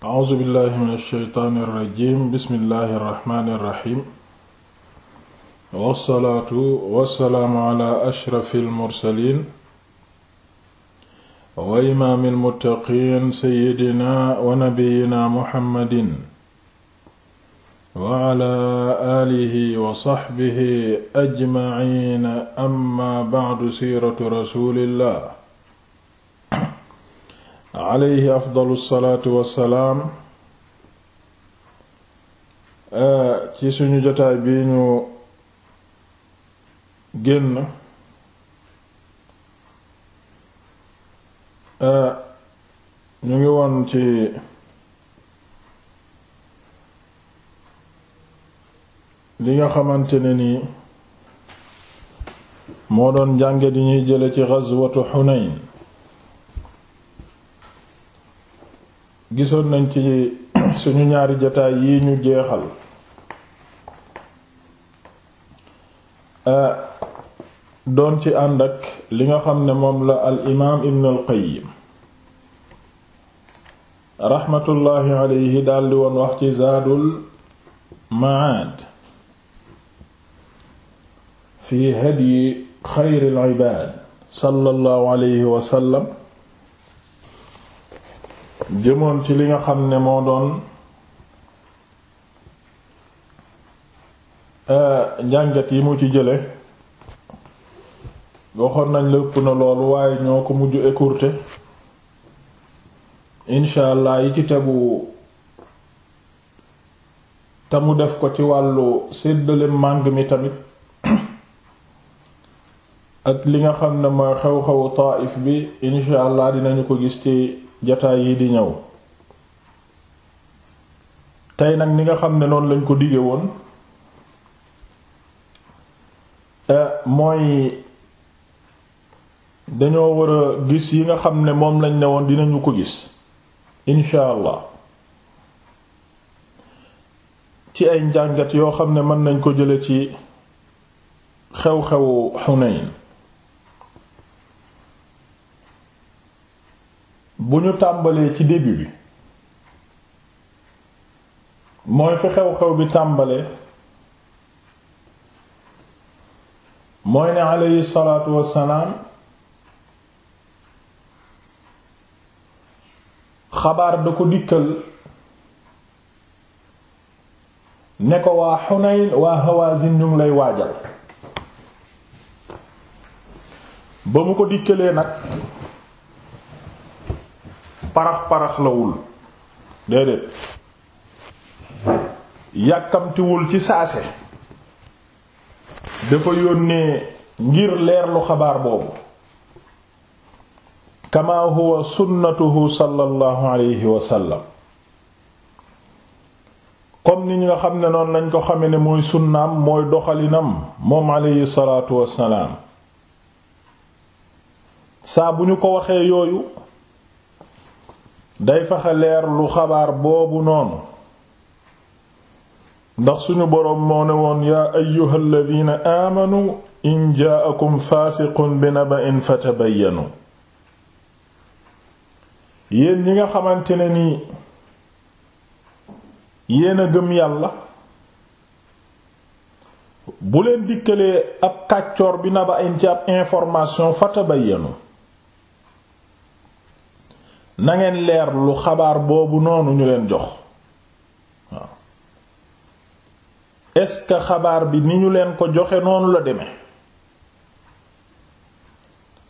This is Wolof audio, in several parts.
a'uuzu billahi min alsheytaani irrajim bismillahi irrahmani irrahim wassalaatu wassalaamu ala ashrafi almursalin wa imaami almuttaqiin seyidina wa nabiyina muhammadin wa ala alihi wa saxbihi ajmaciin amma bacdu siiratu rasulillah alayhi afdalu salaatu salaam ci suñu jotaay bi ñu génn ñu ngi woon ci li nga xamante ne nii moo doon jànge di ñuy jële ci ghazwatu Hunayn gisoon nañ ci suñu ñaari jotaay yi ñu jeexal euh, doon ci ànd ak li nga xam ne moom la al imaam ibn al qayyim raxmatullaahi alayhi daldi woon wax ci zaadul maad fi hadyi xayril ibaad sallallahu alayhi wa sallam jëmoon ci li nga xam ne moo doon euh, njàngat yi mu ci jële waxoon nañ lépp na loolu waaye ñoo ko mujj écourté incha allah yi ci tegu te mu def ko ci wàllu séddale màng mi tamit ak li nga xam ne mooy xew-xewu Taif bi incha allah dinañu ko gis ci jataay yi di ñëw tey nag ni nga xam ne noonu lañ ko dige woon eh, mooy dañoo war a gis yi nga xam ne moom lañ ne woon dinañu ko gis incha ci ay njàngat yoo xam ne mën nañ ko jële ci xew-xewu Xunayn bu ñu tàmbalee ci début bi mooy fi xew-xew bi tàmbalee mooy ne aleyhi salaatu wassalaam xabaar da ko dikkal ne ko waa Xunayn waa Hawazin ñu lay waajal ba mu ko dikkalee nag parax-paraxlawul déedéet yàkkamtiwul ci saase dafa yónnee ngir leerlu xabaar boobu kama huwa sunnatuhu sallallahu alayhi wa comme ni ñu nga xam ne noonu lañ ko xame ne mooy sunnaam mooy doxalinam moom alayhi salaatu wassalaam saa bu ñu ko waxee yooyu day fexe leer lu xabaar boobu noonu ndax suñu boroom moo ne woon yaa ayyuhal ladina aamanu in jaakum faasiqun bi naba'in fatabayyanu yéen ñi nga xamante ne nii yéen a gëm yàlla bu leen dikkalee ab kàccoor bi naba'in ci ab information fatabayyanu nangeen leer lu xabaar boobu noonu ñu leen jox waaw est xabaar bi ni ñu leen ko joxe noonu la deme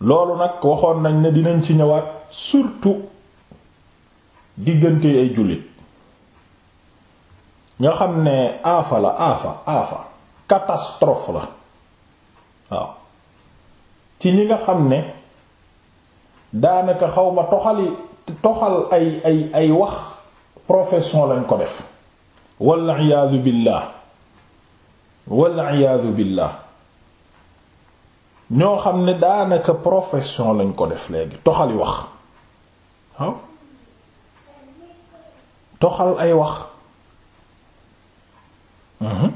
loolu nag waxoon nañ ne dinañ ci ñëwaat surtout diggante ay jullit nga xam ne aafa la aafa aafa catastrophe la waaw ci ñi nga xam ne daanaka xaw ma toxali toxal ay ay ay wax profession lañ ko def wal iyaadu billah wal iyaadu billah ñoo xam ne daanaka profession lañ ko def léegi toxali wax waaw toxal ay wax mhm.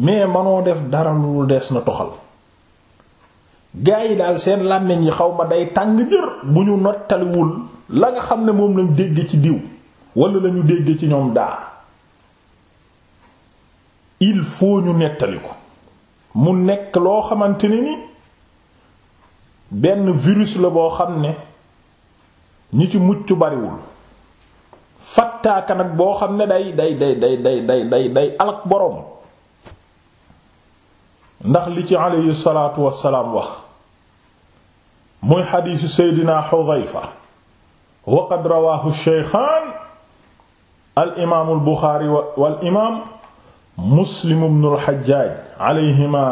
mais manoo def dara lu des na toxal gaa yi daal seen làmmiñ yi xaw ma day tàng jër bu ñu nottaliwul la nga xam ne moom lañ dégg ci diw wala lañu dégg ci ñoom daa il faut ñu nettali ko mu nekk loo xamante ne ni benn virus la boo xam ne ñu ci mucc bariwul fattaaka nag boo xam ne day day day day day day day day alak ndax li ci aleyhi salaatu wassalaam wax muy xadiisu seydina xudayfa wa qad rawaahu sheykhaan al imaamu al buxaari wal imaam muslim ibnu al xajjaaj aleyhima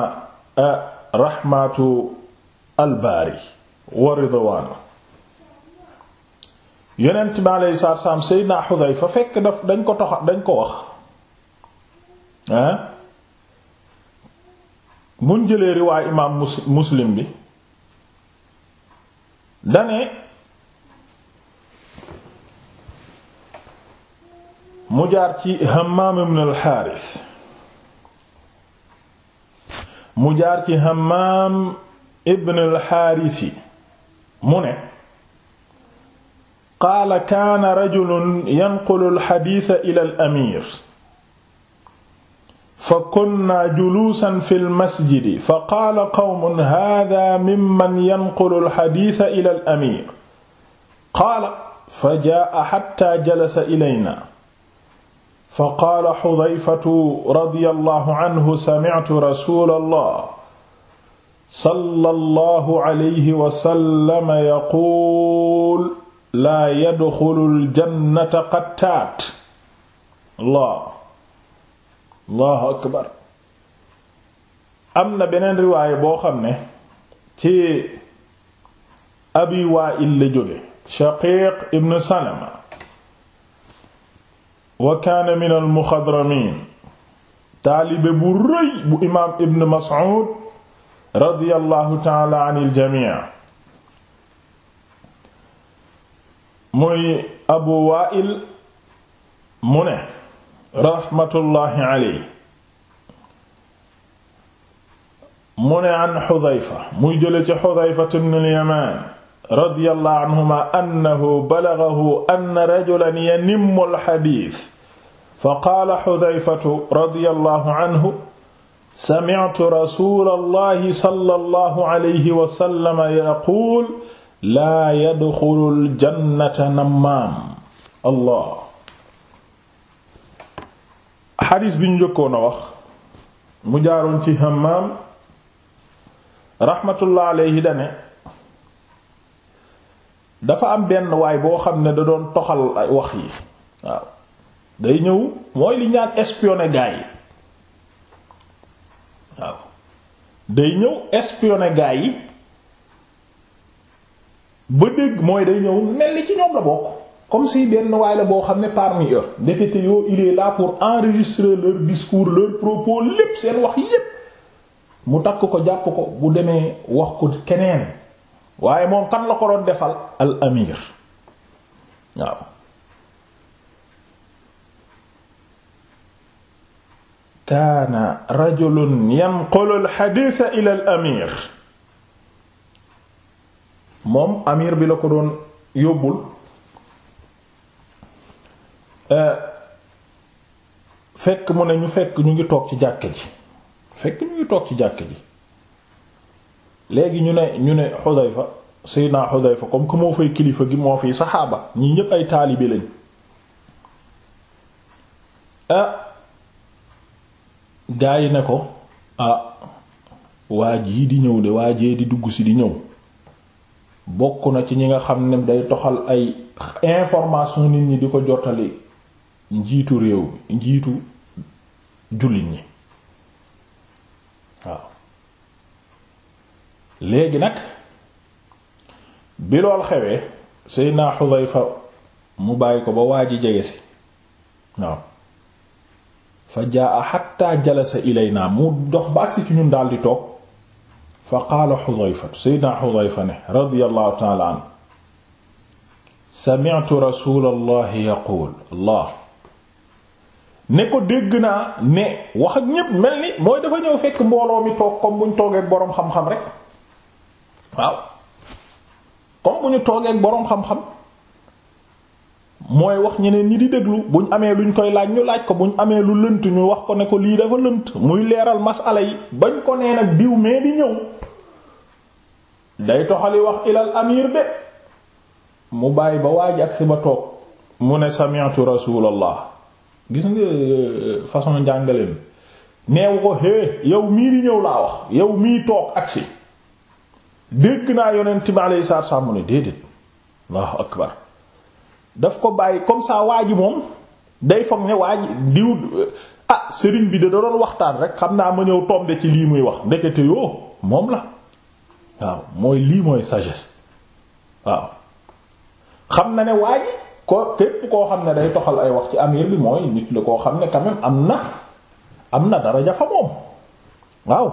raxmatu al baari wa ridwaanu yonent bi aleyhi salaatu wassalaam seydina xudayfa fekk daf dañ ko tax dañ ko wax ah buñ jëlee riwaay imaam muslim bi dane mu jaar ci Hammaam ibn al-Haaris mu jaar ci Hammaam ibn al-Haarisi mu ne qaala kaana rajulun yanqulu al-hadiisa ila al-amiir fa kunna juluusan fi lmasjidi fa qaala qawmun hada mimman yanqulu alxadiisa ila al amir qaala fa jaa xatta jalasa ilayna fa qaala xudayfatu radiyallahu anhu samictu rasuulallah sallallahu alayhi wa sallam yaquul laa yadxulu aljannata qattaat allah allahu akbar am na beneen riwaaye boo xam ne ci abi waa'il la jóge shaqiiq ibn salama wa kaana min al muxadramiin taalibe bu rëy bu imaam ibn mas'ud radiyallahu taala an il jamii muy abu waa'il mu ne raxmatullaahi alayhi mu ne an xudayfa muy jële ci xudayfat ibn al-yamaan radiyallaahu anhumaa annahu balagahu anna rajulan yanimmu al-xadiis fa qaala xudayfatu radiyallaahu anhu sami'tu rasuulallaahi sallallaahu alayhi wa sallam yaquul laa yadxulul jannata nammaam allah xadis bi ñu jëkkoon a wax mu jaaroon ci Hammaam rahmatullah alayhi dane dafa am benn waay boo xam ne da doon toxal wax yi waaw day ñëw mooy li ñaan espionné gaa yi waaw day ñëw espionné gaa yi ba dégg mooy day ñëw mel ni ci ñoom la bokk comme si benn waay la boo xam ne parmi eux ndekete yoo il est là pour enregistrer leur discours leur propos lépp seen wax yépp mu takk ko jàpp ko bu demee wax ko keneen waaye moom kan la ko doon defal al amir waaw kaana rajulun yanqulu al hadith ila moom amir bi la ko doon yóbbul Euh, fekk mu ne ñu fekk ñu ngi toog ci jàkka ji fekk ñu ngi toog ci jàkka ji léegi ñu ne ñu ne Xudayfa Seydina Xudayfa comme que moo fay kilifa gi moo fii saxaaba ñi ñépp ay taalibe lañ ah gaa yi ne ko ah waaj yi di ñëw de waa waajee di dugg si di ñëw bokk na ci ñi nga xam ne day toxal ay information nit ñi di ko jottali njiitu réew mi njiitu jullit ñi waaw léegi nag bi lool xewee Seydina Xudayfa mu bàyyi ko ba waa ji jege si waaw fa jaa xatta jalasa ilayna mu dox ba agsi ci ñun daldi toog fa qaala Xudayfa Seydina Xudayfa ne radiyallahu taala anhu sami'tu rasulallahi yaqul allah ne ko dégg naa ne wax ak ñépp mel ni mooy dafa ñëw fekk mbooloo mi toog comme bu ñu toogee boroom xam-xam rek waaw comme bu ñu boroom xam mooy wax ñeneen ñi di déglu bu ñu amee luñ koy laaj ñu laaj ko bu ñu amee lu lënt ñu wax ko ne ko lii dafa lënt muy leeral masala yi bañ ko nee nag diw mais di ñëw day toxali wax ilal amir de mu bàyyi ba waaj ak si ba toog mu ne sami'tu rasulallah gis nga euh, façon njàngaleem neewu ko hé yow mii di ñëw laa wax yow mii toog agsi dégg naa yonent bi alayhi salaatu wassalaam mu ne déedéet allahu akbar daf ko bàyyi comme ça waa ji moom day foog ne waa diw euh, ah sëriñ bi da doon waxtaan rek xam naa ma ñëw tombe ci lii muy wax ndekete yoo moom la waaw mooy lii mooy sagesse waaw xam na ne waa ko képp koo xam ne day toxal ay wax ci amir mooy nit la koo xam ne quand am na am na daraja fa moom waaw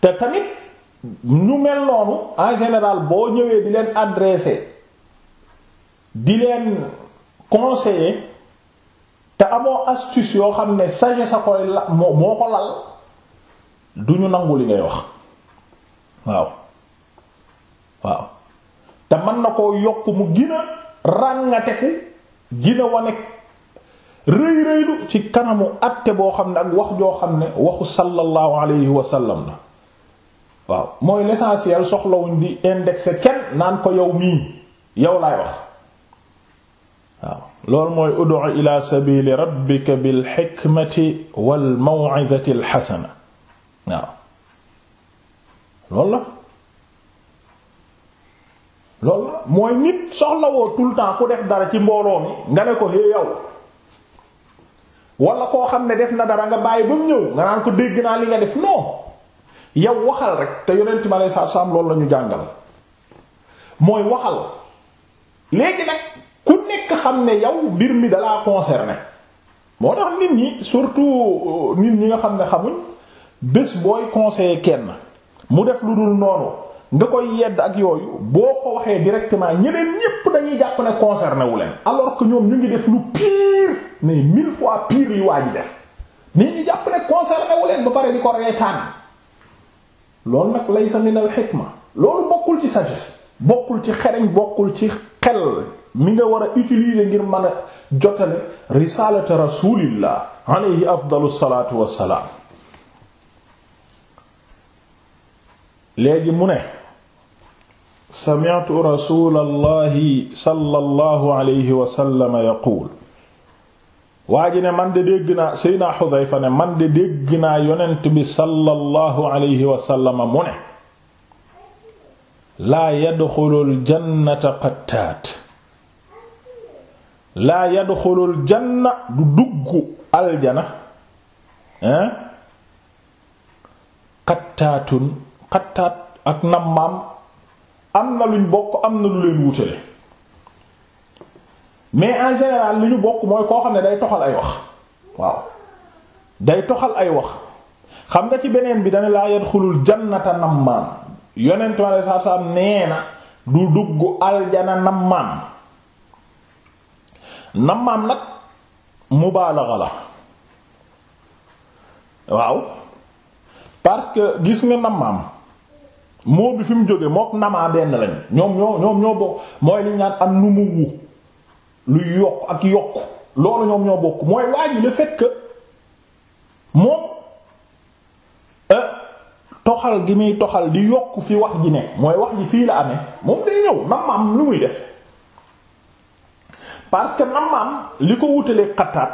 te tamit ñu mel noonu en général boo ñëwee di leen adressé di leen conseiller te amoo astuce yoo xam ne saje sa koy la moo ko lal du ñu nangu li ngay wax waaw waaw te mën na koo yokk mu gina ràngateku gina wane rëy rëylu ci kanamu àtte boo xam ne ak wax joo xam ne waxu sallallahu alayhi wa la waaw mooy l'essentiel soxlawuñ di indexé kenn naan ko yow mii yow laay wax waaw loolu mooy ud'u ila sabili rabbika bil hikmati wal maw'izati al loolu la mooy nit soxlawoo tout le temps ku def dara ci mbooloo mi nga ne ko hé yow wala koo xam ne def na dara nga bàyyi ba mu ñëw nga naan ko dégg naa li nga def non yow waxal rek te yonent ma lay saab saab loolu lañu jàngal mooy waxal léegi nag ku nekk xam ne yow mbir mi dalaa concerné moo tax nit ñi surtout euh, nit ñi nga xam ne xamuñ bés booy conseiller kenn mu def lu dul noonu nga koy yedd ak yooyu boo ko waxee directement ñeneen ñépp dañuy jàpp ne concerné wu leen alors que ñoom ñu ngi def lu pire mais mil fois pire yu waa ji def ni ñu jàpp ne concerné leen ba pare di ko reetaan loolu nag laysa min al hikma loolu bokkul ci sagesse bokkul ci xereñ bokkul ci xel mi nga war a utilise ngir mën a jotale risalata rasulillah alayhi afdalu salatu wassalaam léegi mu ne sami'tu rasulallahi sallallahu alayhi wa sallam yaquul ne man de dégg naa Seydina Xudayfa ne man de dégg yonent bi sallallahu alayhi wa mu ne laa yadxulul jannata du dugg aljana hein qattaatun qattaat ak nammaam am na luñ bokk am na lu leen wutale mais en général lu ñu bokk mooy koo xam ne day toxal ay wax waaw day toxal ay wax xam nga ci beneen bi dana laa yadxulul jannata nammaan yonentu Yàlla saa saa nee na du dugg aljana nammaan nammaan nag mubaalaxa la waaw parce que gis nga nammaam moo bi fi mu jógee mook namaa benn lañ ñoom ñoo ñoom ñoo bokk mooy li ñu naan am nu mu wu lu yokk ak yokk loolu ñoom ñoo bokk mooy waa ji le fait moom euh, toxal gi muy toxal di yokk fi wax ji ne mooy wax ji fii la amee moom day ñëw namaam lu muy def parce que namaam li ko wutalee xattaat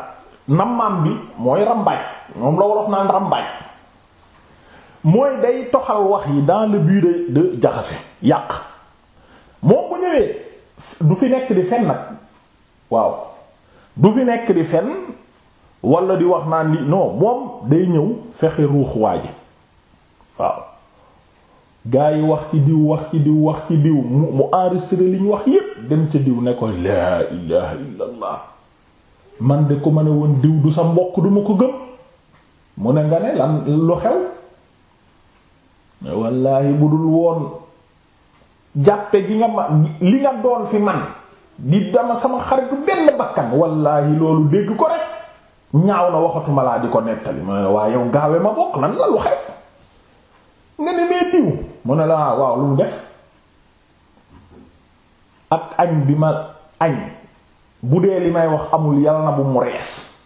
namaam bi mooy rambaaj ñoom la wolof naan rambaaj mooy day toxal wax yi dans le but de de jaxase yàq moom bu ñëwee du fi nekk di fen nag waaw du fi nekk di fen wala di wax naan li non moom day ñëw fexe ruux waa waaw gaa yi wax ci diw wax ci diw wax ci diw mu mu enregistré li ñu wax yépp dem ca diw nekkoon ko laa ilaha illa man de ku ma ne woon diw du sa mbokk du ma ko gëm mu ne nga ne lu xew wallaahi bu dul woon jàppe gi nga ma li nga doon fi man di dama sama xaritu benn bakkan wallaahi loolu dégg ko rek ñaaw na waxatuma laa di ko nettali ma ne waa mu ne la ah, waaw lu mu def ak añ bi ma añ bu dee li may wax amul yàlla na bu mu rees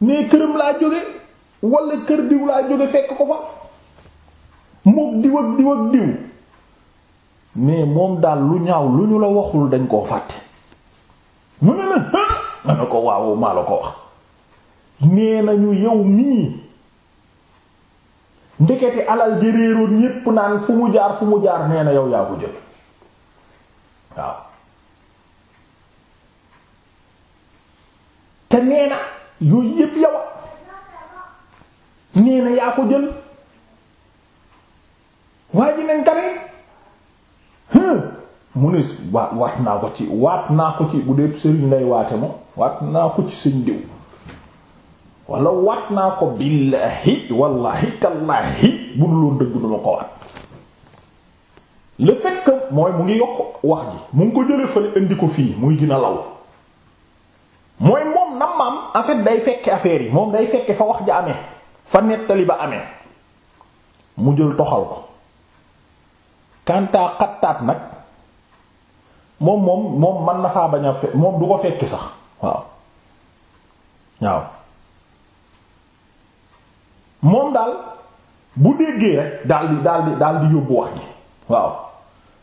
nee këram laa jóge wala kër diw laa jóge fekk ko fa mook diw ak diw ak diw mais moom daal lu ñaaw lu ñu la waxul dañ koo fàtte mu ne na ne ko waaw maa la ko wax nee nañu yow mii ndekete alal ji réeroon ñépp naan fu mu jaar fu mu jaar nee na yow yaa ko jël waaw te nee na yooyu yépp yow nee na yaa ko jël waa ji nañ kare mu ne waat waat naa ko ci waat naa ko ci bu dee sëriñ lay waate ma waat naa ko ci sëñ diw wala waat naa ko billaahi wallaahi tallaahi bu dul woon dëgg duma ko waat le fait mooy mu ngi yokk wax ji mu ngi ko jële fële indi ko fii muy dina law mooy moom nam maam en day fekke affaire yi moom day fekke fa wax ja amee fa nettali ba amee mu jël toxal ko kantaa xattaat nag moom moom man na faa bañ a fekk moom du ko fekki sax waaw waaw moom daal bu déggee rek daal di daal di daal di yóbbu wax ji waaw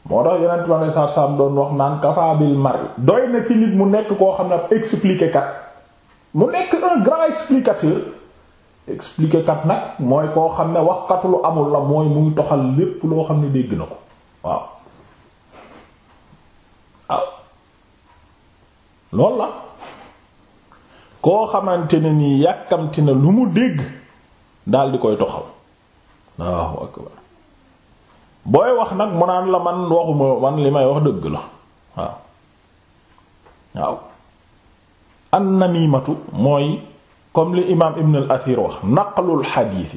moo tax yeneen tubaab yi sax doon wax naan kafaabil mari doy na ci nit mu nekk koo xam ne expliquer kat mu nekk un grand explicateur. expliqué kat nag mooy koo xam ne wax lu amul la mooy muy toxal lépp loo xam ne dégg na ko waaw waaw loolu la koo xamante ne nii yàkkamti na lu mu dégg daal di koy toxal waaw akbar booy wax nag mu naan la man waxuma man li may wax dëgg la waaw waaw an namimatu mooy comme li imaam Ibn al wax naqlul xadiis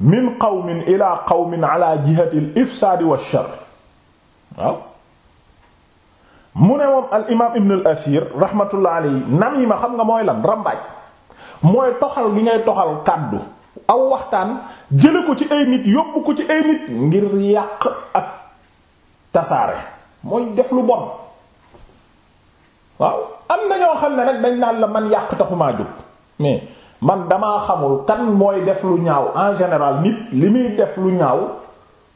min qawmin ila qawmin ala jihati al-ifsaad wa ash-sharr waaw mu ne moom al Ibn al-Athir rahmatullah alayhi namiima xam nga mooy lan rambaaj mooy toxal gi ngay toxal kàddu aw waxtaan jële ko ci ay nit yóbbu ko ci yàq ak tasaare mooy def lu waaw am na ñoo xam ne nag dañ naan la man yàq taxumaa jóg mais man damaa xamul kan mooy def lu ñaaw en général nit li muy def lu ñaaw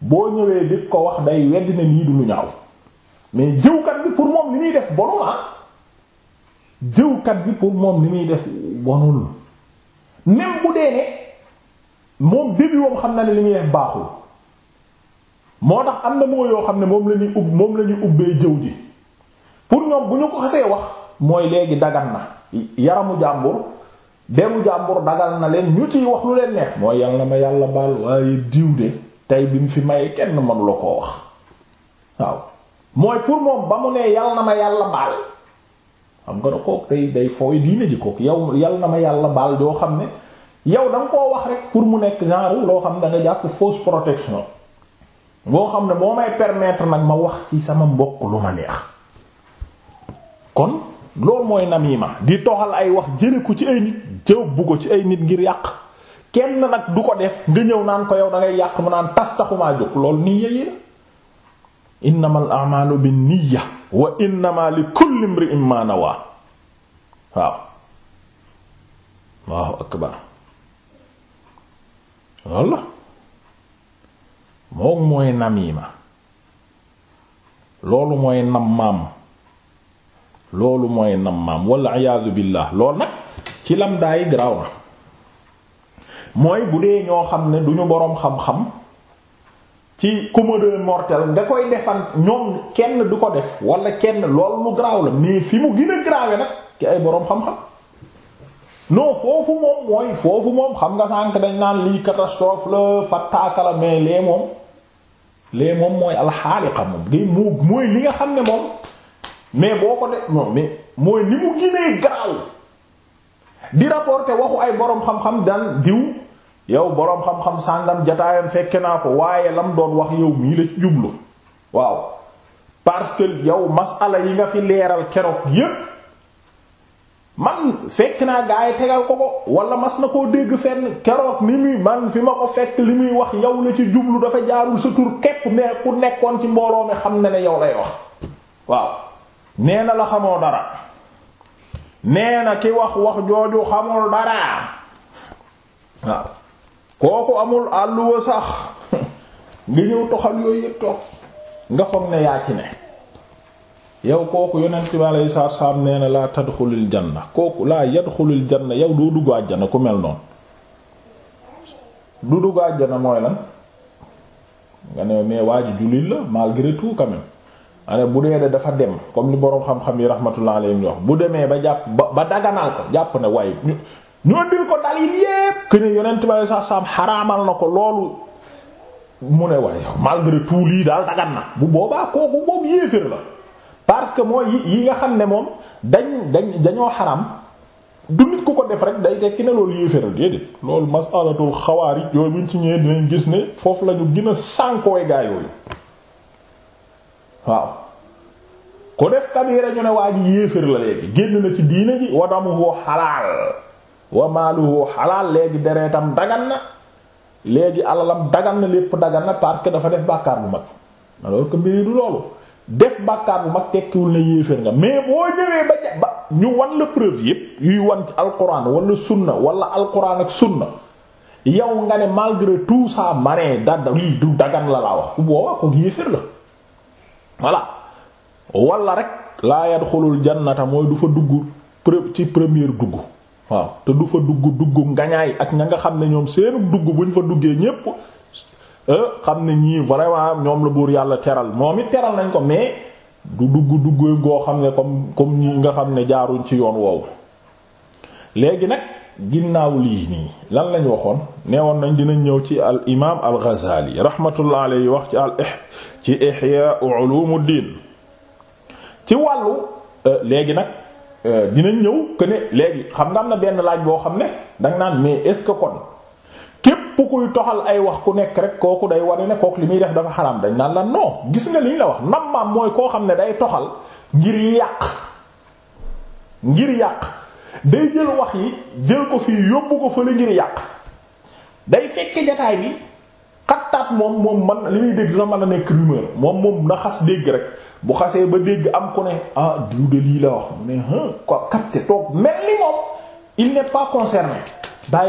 boo ñëwee di ko wax day wedd na nii du lu ñaaw mais jëwkat bi pour moom li muy def bonul ah bi pour moom li muy def bonul même bu dee ne moom début xam na ne li muy def baaxul moo tax am na moo yoo xam ne moom la ñuy ub moom la ñuy ubbee jëw ji pour ñoom bu ñu ko xasee wax mooy léegi dagan na yaramu jàmbur. demu jàmbur dagal na leen ñu ciy wax lu leen neex mooy yàlla ma yàlla baal waaye diw de tey bi mu fi mayee kenn mënu la koo wax waaw mooy pour moom ba mu nee yàlla na ma yàlla baal xam nga da kook day day fooy diine ji yow yàlla na yàlla baal doo xam ne yow da koo wax rek pour mu nekk genre loo xam da nga jàpp fausse protection boo xam ne moo may permettre nag ma wax ci sama mbokk lu ma neex kon loolu mooy namima di toxal ay wax jële ko ci ay nit jëw bu ko ci ay nit ngir yàq kenn nag du ko def nga ñëw naan ko yow da ngay yàq mu naan tas taxumaa jóg loolu niyya yi innamal a'malu binniyya wa innama li kulli imri'in ma nawaa waaw Allahu akbar loolu la moom mooy namima loolu loolu mooy maam walla iyaadu billaah lool nag ci lamdaay garaaw na mooy bu dee ñoo xam ne duñu boroom xam-xam ci commode mortel nga koy defan ñoom kenn du ko def walla kenn lool mu garaaw la mais fi mu gën a nag ki ay boroom xam-xam non foofu moom mooy foofu moom xam nga sànk dañ naan lii catastrophe la fattaaka lee moom lee moom mooy alxaaliqa moom gi moo mooy li nga xam ne moom mais boo ko def non mais mooy ni mu ginee garaw di rapporter waxu ay boroom xam-xam daan diw yow boroom xam-xam sàngam jataayam fekke naa ko waaye lam doon wax yow mii la jublu waaw parce que yow masala yi nga fi leeral keroog yépp man fekk naa gaa yi tegal ko ko wala mas na koo dégg fenn keroog ni muy man fi ma ko fekk li muy wax yow la ci jublu dafa jaarul sa tur képp mais ku nekkoon ci mbooloo mi xam na ne yow lay wax waaw nee na la xamoo dara nee na ki wax wax jooju xamul dara waaw kooku amul àlluwa sax nga ñëw toxal yooyu yëpp toog nga foog ne yaa ci ne yow kooku yonent bi alayhi salaatu salaam nee na laa tadxulul janna kooku laa yadxulul janna yow doo dugg àjjana ku mel noonu du dugg àjjana mooy lan nga ne mais waa ji jullit la malgré tout quand ane bu dee dafa dem comme li borom xam-xam yi rahmatullah alayhi wax bu demee ba jàpp ba ba daganal ko jàpp ne waaye ñu ñu andil ko dalil yépp que ne yonent bi sax saam xaraamal na ko loolu mu ne waaye malgré tout lii daal dagan na bu boobaa kooku boobu yéefér la parce que mooy yi nga xam ne moom dañ dañ dañoo xaram du nit ku ko def rek day tekki ne loolu yéefér la déedéet loolu masalatul xawaarij yooyu buñ ci ñëwee dinañ gis ne foofu la ñu gën a sànkooy gaa yooyu waaw ku def kabira ñu ne waa ji yéefér la léegi génn na ci diina ji wa damuhu xalaal wa maaluhu xalaal léegi deretam dagan na léegi alalam dagan na lépp dagan na parce que dafa def bàkkaar bu mag alors que mbiri du loolu def bàkkaar bu mag tekkiwul na yéeféer nga mais boo ñëwee ba ja ba ñu wan la preuve yépp yuy wan ci alquran wala sunna wala alquran ak sunna yow nga ne malgré tout ça ma ne da du dagan la laa wax ku boobaa ko yéeféer la voilà walla rek laa yadxulul jannata mooy du fa dugg ci première dugg waaw te du fa dugg dugg ngañaay ak ña nga xam ne ñoom seenu dugg bu buñ fa duggee ñépp euh, xam ne ñii vraiment ñoom la buur yàlla teral moom it teral nañ ko mais du dugg dugg goo xam ne comme comme nii nga xam ne jaaruñ ci yoon woowu léegi nag ginnaaw lii nii lan lañ waxoon nee woon nañ dinañ ñëw ci al imaam al Ghazali rahmatullah alayhi wax ci al ci Ihya Ulumuddin ci wàllu euh, léegi nag euh, dinañ ñëw que xam nga am benn laaj boo xam ne danga naan mais est-ce que kon toxal ay wax ku nekk rek kooku day wane ne kook li muy def dafa xaraam dañ naan lan non gis nga li la wax nammaam mooy koo xam ne day toxal ngir yàq ngir yàq. day jël wax yi jël ko fii yóbbu ko fële ngir yàq day fekke jataay bi xattaat moom moom man li muy dégg dina mën a nekk rumeur moom moom na xas dégg rek bu xasee ba dégg am ku ne ah diw de lii la wax mu ne toog mel ni moom il n'est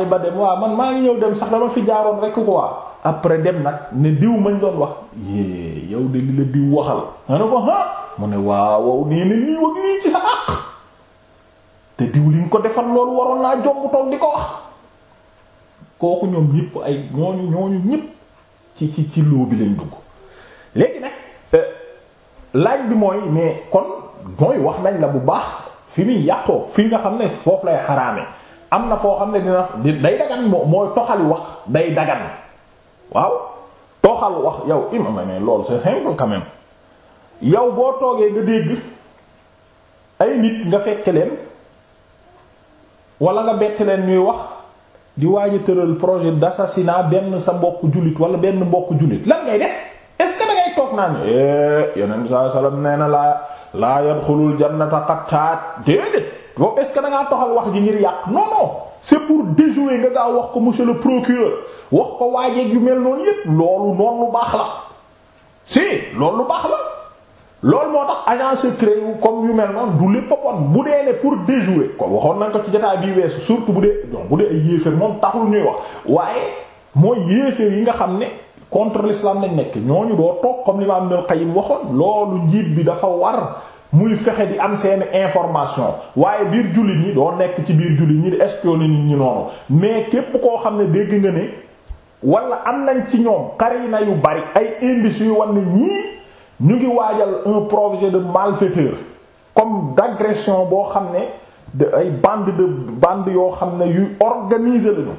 ba dem waaw man maa ngi ñëw dem sax dama fi jaaroon rek quoi après dem nag ne diw mañ doon wax yée yow de li la diw waxal nga ne ko ah mu ne waaw wow nee na lii wag lii ci sa àq te diw liñ ko defal loolu waroon naa jomb toog di ko wax kooku ñoom ñëpp ay ñooñu ñooñu ñëpp ci ci ci loo bi lañ dugg léegi nag euh, laaj bi mooy mais kon mooy wax nañ la bu baax fi muy yàqoo fi nga xam ne foofu lay xaraame am na foo xam ne dina day dagan moo mooy toxali wax day dagan waaw toxal wax yow imam ne loolu c'est simple quand même yow boo toogee nga dégg ay nit nga fekk leen wala nga bett leen ñuy wax di waaja tëral projet d'assassinat benn sa mbokk jullit wala benn mbokk jullit lan ngay def est-ce que da ngay toog naan yeneen saa salaam nee na laa laa yadxulul jannata qattaat déedéet boobu est-ce que da ngaa toxal wax ji ngir yàq non c'est pour déjouer nga gaa wax ko monsieur le procureur wax ko waajeeg yu mel noonu yépp loolu noonu baax la si loolu baax la. loolu moo tax agent secret yu comme yu mel noonu du lépp a bu dee ne pour déjouer ko waxoon nañ ko ci jotaay bii weesu surtout bu dee donc bu dee ay yéeféer moom taxul ñuy wax waaye mooy yéeféer yi nga xam ne contre l'islam nañ nekk ñooñu doo toog comme l'imam Ibn al-Qayyim waxoon loolu njiit bi dafa war muy fexe di am seen information waaye biir jullit ñi doo nekk ci biir jullit ñi di espionner nit ñi noonu mais képp koo xam ne dégg nga ne wala am nañ ci ñoom xarina yu bari ay indices yu wan ne ñii ñu ngi waajal un projet de malfaiteur comme d'agression boo xam ne de ay bande de bande yoo xam ne yu organiser lañu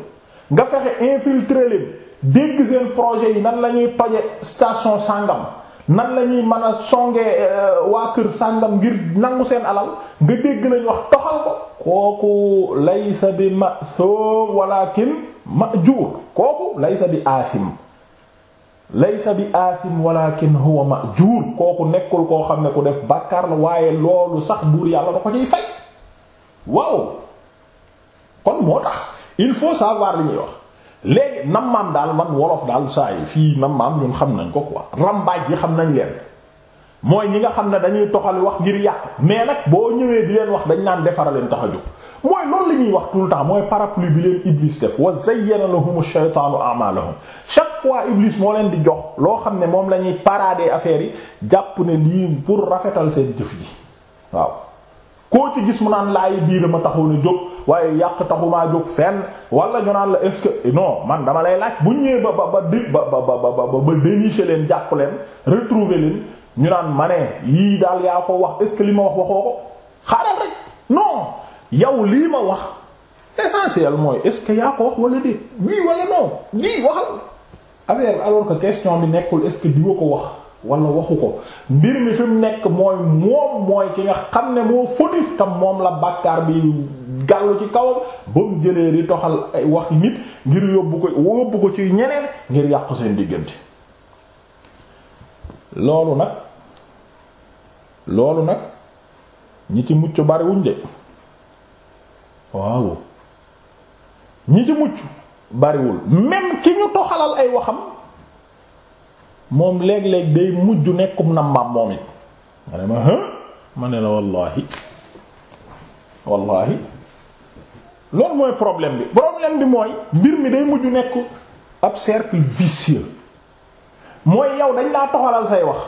nga fexe infiltrer leen dégg seen projet yi nan la ñuy toje station sàngam nan la ñuy mën a songe euh, waa kër sàngam ngir nangu seen alal nga dégg nañ wax toxal ko kooku laysa bi ma soob walakin ma juur kooku laysa bi aasim laysa bi aasim walakin huwa ma'juur kooku nekkul koo xam ne ku def bàkkaar la waaye loolu sax buur yàlla da ko ciy fay waaw kon moo tax il faut savoir li ñuy wax léegi nammaam daal man wolof daal saa yi fii nammaam ñun xam nañ ko quoi rambaaj yi xam nañ leen mooy ñi nga xam ne dañuy toxal wax ngir yàq mais nag boo ñëwee di leen wax dañ naan defaraleen tax a jóg mooy loolu la ñuy wax tout le mooy parapluie bi leen Iblis def wa zayyana lahum ash-shaytaanu a'maalahum chaque fois Iblis moo leen di jox loo xam ne moom la ñuy parader affaire yi jàpp ne lii pour rafetal seen jëf ji waaw. koo ci gis mu naan laay biir ma taxaw na jóg waaye yàq taxumaa jóg fenn wala ñu naan la est-ce eh man dama lay laaj bu ñëwee ba ba ba ba ba ba ba dénicher leen jàpp leen retrouver leen ñu naan ma ne yii daal yaa ko wax est-ce que li ma wax waxoo ko xaaral yow lii ma wax l'essentiel mooy est-ce que yaa ko wax wala déet oui wala non lii waxal affaire alors que question bi nekkul est-ce que diwa ko wax wala waxu ko mbir mi fi mu nekk mooy moom mooy ki nga xam ne moo fautif tam moom la bàkkaar bi gàllu ci kaw ba mu jëlee di toxal ay waxi nit ngir yóbbu ko yóbbu ko ci ñeneen ngir yàqu seen diggante loolu nag loolu nag ñi ci mucc bariwuñ de waaw ñi ci mucc bariwul même ki ñu toxalal ay waxam moom léeg-léeg day mujj nekkum na mbaam moom it ma ne ma hë ma ne la wallaahi wallaahi loolu mooy problème bi problème bi mooy mbir mi day mujj nekku ab cercle vicieux mooy yow dañ laa toxalal say wax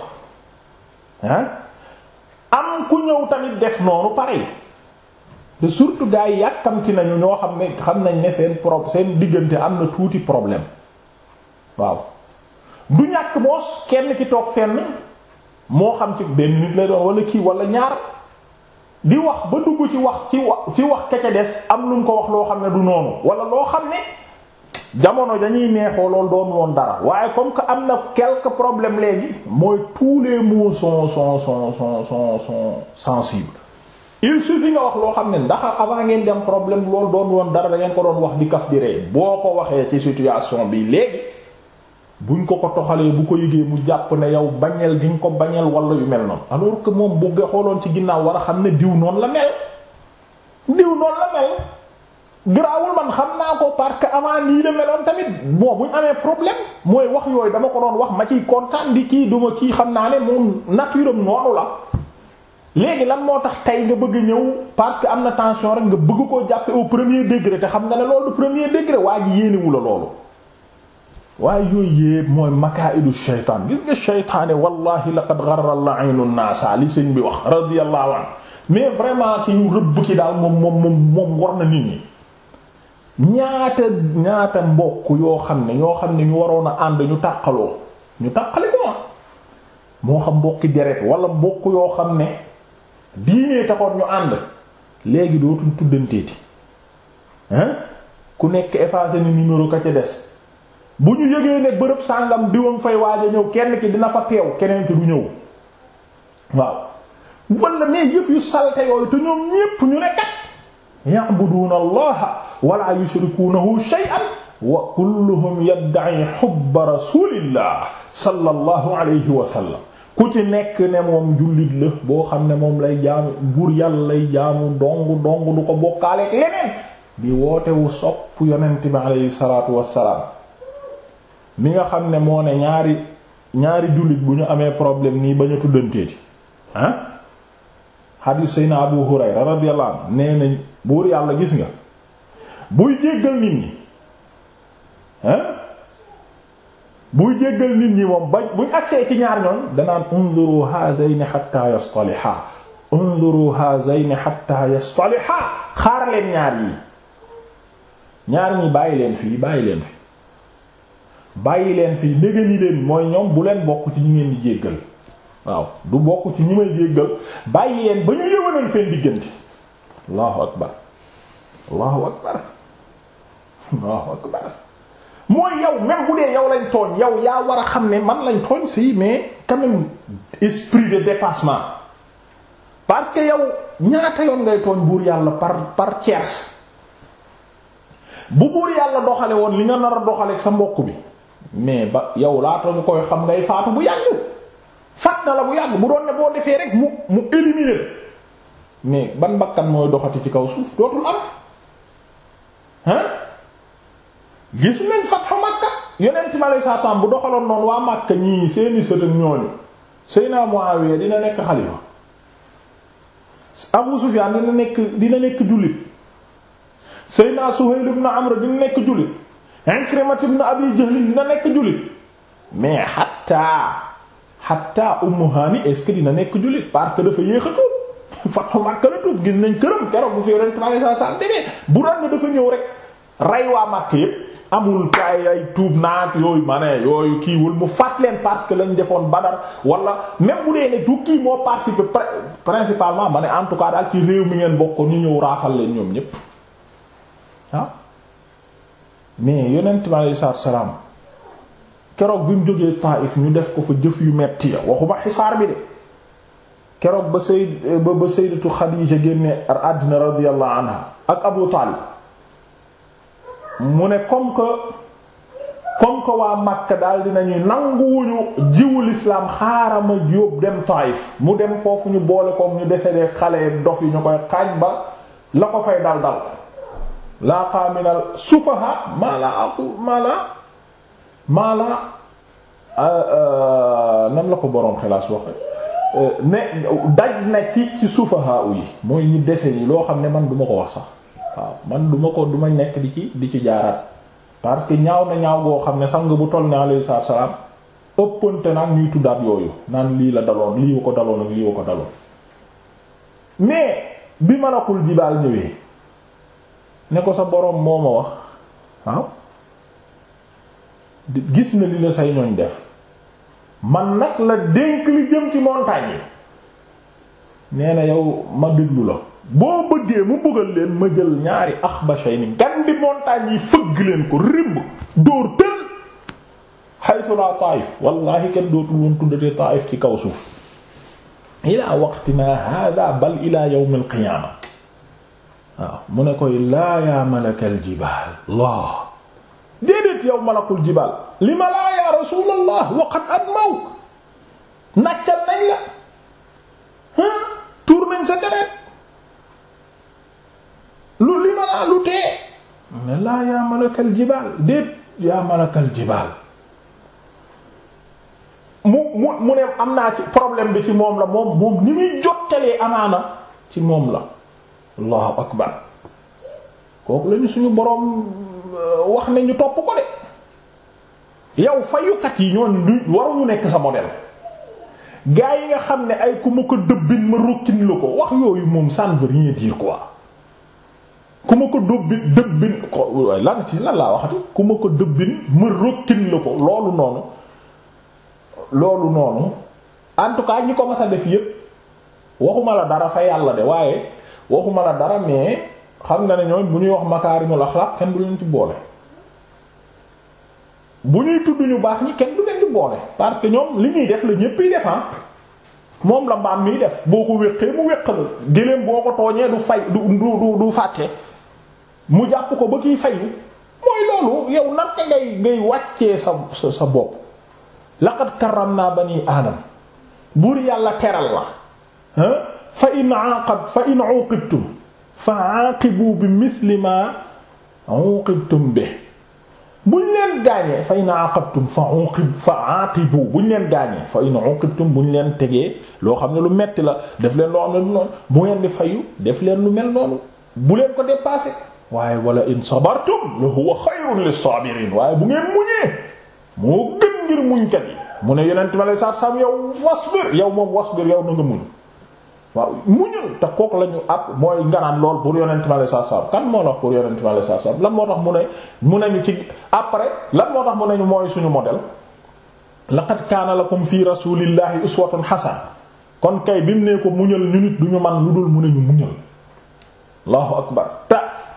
ah am ku ñëw tamit def noonu pareil te surtout gars yàkkamti nañu ñoo xam ne xam nañ ne seen pro seen diggante am na tuuti problème waaw du ñàkk moos kenn ki toog fenn moo xam ci benn nit lay doon wala kii wala ñaar di wax ba dugg ci wax ci wax ci wax kece des am luñ ko wax loo xam ne du noonu wala loo xam ne jamono dañuy neexoo loolu doon woon dara waaye comme que am na quelques problème léegi mooy tous les mots son son son sont sont sensibles il suffit nga wax loo xam ne ndax avant ngeen dem problème loolu doon woon dara dangeen ngeen ko doon wax di kaf di ree boo ko waxee ci situation bi léegi buñ ko ko toxalee bu ko yëgee mu jàpp ne yow bañeel di ko bañeel wala yu mel noonu alors que moom bu xooloon ci ginnaaw war a xam ne diw noonu la mel diw noonu la mel garaawul man xam naa ko parce que avant nii meloon tamit bon bu amee problème mooy wax yooyu dama ko doon wax ma ci kontaan di kii duma kii xam naa ne moom nature la léegi lan moo tax tey nga bëgg ñëw parce que am na tension rek nga bëgg koo jàppe au premier degré te xam nga ne loolu premier degré waa ji yéenewu la loolu waaye yooyu yépp mooy makaa'idu shaytaan gis nga shaytaane wallahi laqad gharra al-la'inu an-naasa li sëñ bi wax radiyallahu anhu mais vraiment ki ñu rëbb ki daal moom moom moom moom war na nit ñi ñaata mbokk yoo xam ne ñoo xam ne ñu waroon a ànd ñu tàqaloo ñu tàqali ko moo xam mbokki deret wala mbokk yoo xam ne diinee taxoon ñu ànd léegi dootul tuddanteeti hein ku nekk effacé ni numéro ka ca des bu ñu yëgee ne bërëb sàngam diwam fay waaj ñëw kenn ki dina fa teew keneen ki du ñëw waaw wala mais yëf yu salte yooyu te ñoom ñépp ñu ne kat ya'buduuna allaha wala yushrikuunahu shay'an wa kulluhum yadda'i hubba rasulillah sallallahu alayhi wa ku ci nekk ne moom jullit la boo xam ne moom lay jaamu buur yàlla lay jaamu dong dong du ko bokkaale leneen di wootewu sopp yonent bi aleyhi wassalaam mi nga xam ne moo ne ñaari ñaari jullit bu ñu amee problème nii bañ a tuddanteeti ah xadiis sayna Abu Hurayra radiyallahu nee nañ buur yàlla gis nga buy jéggal nit ñi ah buy jéggal nit ñi moom bañ buñ agsee ci ñaar ñoon danaan unzuru haazayni hatta yastaliha unzuru haazayni hatta yastaliha xaar leen ñaar yi ñaar ñi bàyyi leen fii bàyyi leen fi bàyyi leen fii ndégani leen mooy ñoom bu leen bokk ci ñi ngeen di jéggal waaw du bokk ci ñi may jéggal bàyyi leen ba ñu yëwanal seen diggante allahu akbar allahu akbar allahu akbar mooy yow même bu dee yow lañ tooñ yow yaa war a xam ne man lañ tooñ si mais quand même esprit de dépassement parce que yow ñaata yoon ngay tooñ buur yàlla par par tiers bu buur yàlla doxale woon li nga nar a doxale sa mbokk bi mais ba yow laata nga koy xam ngay faatu bu yàgg fat na la bu yàgg bu doon ne boo defee rek mu mu éliminer mais ban bakkan mooy doxati ci kaw suuf dootul am hein gis nañ fatxu Makka yonent mi alayhi salaam bu doxaloon noonu waa Makka ñii seeni sët ak ñooñu Seydina Muawiya dina nekk xalifa Abu Sufyaan dina nekk dina nekk jullit Seydina Suhayl ibn Amr dina nekk jullit Ikrima ibn Abi Jahl dina nekk jullit mais xatta xatta Ummu Haani est dina nekk jullit parce que dafa yéex a tuub Makka la tuub gis nañ këram keroog bu fi yonent mi alayhi salaam demee bu doon dafa ñëw rek ray waa Makka yépp amul kaay ay tuub naag yooyu ma ne yooyu kiiwul mu fàtt leen parce que lañ defoon Badar wala même bu dee ne du kii moo participé principalement ma ne en tout cas daal ci réew mi ngeen bokkoon ñu ñëw raafal leen ñoom ñépp ah mais yonent bi salaam keroog bi mu jógee Taif ñu def ko fa jëf yu metti ya waxuma xisaar bi de keroog ba Sayyid ba Sayyidatu Xadiija génne àddina radiyallahu anha ak Abu Taalib mu ne comme que comme que waa Makka daal dinañuy nanguwuñu jiwu lislaam xaaral ma yóbbu dem Taayif mu dem foofu ñu boole koog ñu décédé xale dof yi ñu koy xaaj ba la ko fay dal dal laqaa min al sufaha maa la aqu maa la ko boroom xelaas waxe euh, ne daj na ci ci sufaha yi mooy ñi dese yi loo xam ne man duma ko wax sax waaw man duma ko duma nekk di ci di ci jaaraat parce que ñaaw na ñaaw goo xam ne sang bu toll ne alayhi salaam ëppante nag ñuy tuddaat yooyu naan lii la daloon lii wa ko daloon ak lii wa ko daloon mais bi malakul jibaal ñëwee ne ko sa boroom moo ma wax waaw gis na li la say ñooñ def man nag la dénk li jëm ci montagne yi nee na yow ma déglu la boo bëggee mu bëggal leen ma jël ñaari axbashay ni gan di montagne yi fëgg leen ko rimb dóor tël xaytu laa taayif wallahi kenn dootul woon tuddatee taayif ci kaw suuf ilaa waqtinaa hàdda bal ilaa yawmil qiyaama waaw mu ne koy laa yaa malakal jibaal laa déedéet yow malakul jibaal li ma laa yaa rasuulallah waqad admawk naccal nañ la tour nañ sa deret lu li ma laa lu tee ne laa yaa malakal jibaal déet yaa malakal jibaal mu mu mu ne am naa ci problème bi ci moom la moom moom ni muy jottalee amaana ci moom la allahu akbar kooku lañu suñu boroom euh, wax ne ñu topp ko de yow fayukat yi ñooñu du waruñu nekk sa modèle gaa yi nga xam ne ay ku ma ko dëbbin ma rokkin la ko wax yooyu moom ça ne veut rien dire quoi ku ma ko dóbbi dëbbin ko lan ci lan laa wax waxati ku ma ko dëbbin ma rokkin la ko loolu noonu loolu noonu en tout cas ñi ko mas a def yépp waxuma la dara fa yàlla de waaye waxuma la dara mais xam nga ne ñoom bu ñuy wax makaarimul axlaaq kenn du leen ci boole bu ñuy tudd ñu baax ñi kenn du leen ci boole parce que ñoom li ñuy def la ñéppiy def ah. moom la mbaam mi def boo ko wéqee mu wéq la géléem boo ko tooñee du fay du du du fàtte mu jàpp ko ba kiy fayu mooy loolu yow naka ngay ngay wàccee sa sa sa bopp laqad karramna bani aadam buur yàlla teral la fa in aaqab fa in uqibtum fa aaqibu bi mithli ma uqibtum bi buñ leen gaañee fa in aqabtum fa uqib fa leen gaañee fa in bu ñu leen tegee loo xam ne lu metti la def leen loo xam ne lu noonu bu ngeen di fayu def leen lu mel noonu bu leen ko dépasser waaye wala in sabartum la huwa xayrun lis-saabiriin waaye bu ngeen muñee moo gën ngir muñkat yi mu ne yonent ma lay saat saam yow yow moom wasbir yow na nga waaw te kook la ñu ab mooy nganaan lool pour yonent ma lay saat kan moo tax pour yonent ma lay saat lan moo tax mu ne mu nañu ci après lan moo tax mu nañu mooy suñu modèle laqad kaana lakum fi rasulillahi uswatun hasana kon kay bi mu ne ko muñal ñu nit duñu man lu dul mu ne ñu muñal allahu akbar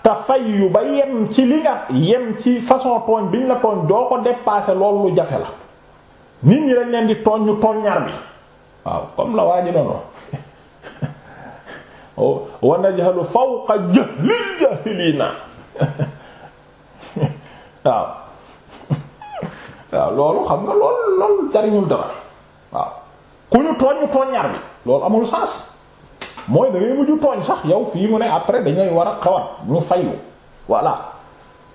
te fay yu ba yem ci li nga yem ci façon tooñ biñ la tooñ doo ko dépasser loolu lu jafe la nit ñi dañ leen di tooñ ñu tooñ ñaar bi waaw comme la waa ji noonu oh, wa najhalu xam nga loolu loolu jariñul dara waaw ku ñu tooñ ñu tooñ ñaar bi loolu amul sens mooy da ngay mujju tooñ sax yow fii mu ne après dañuy war a xawat ñu fayu voilà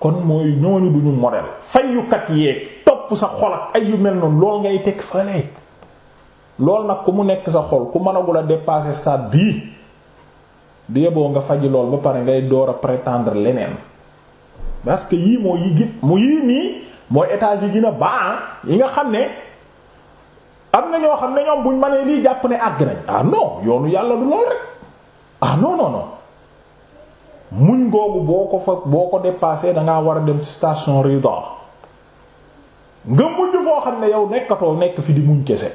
kon mooy ñooñu duñu modèle fayukat yee topp sa xol ak ay yu mel noonu lool ngay teg fale lool nag ku mu nekk sa xol ku mënagul a dépasser stade bii bi yeboo nga faji lool ba pare ngay door a prétendre leneen parce que yii moo yi git mu yii nii mooy étage yi gën a baax yi nga xam ne am na ñoo xam ne ñoom buñ mënee lii jàpp ne àgg nañ ah non yoonu yàlla lu lool rek ah non non muñ googu boo ko fa boo ko dépassé dangaa war a dem ci station Rida nga mujj foo xam ne yow nekkatoo nekk fi di muñ kese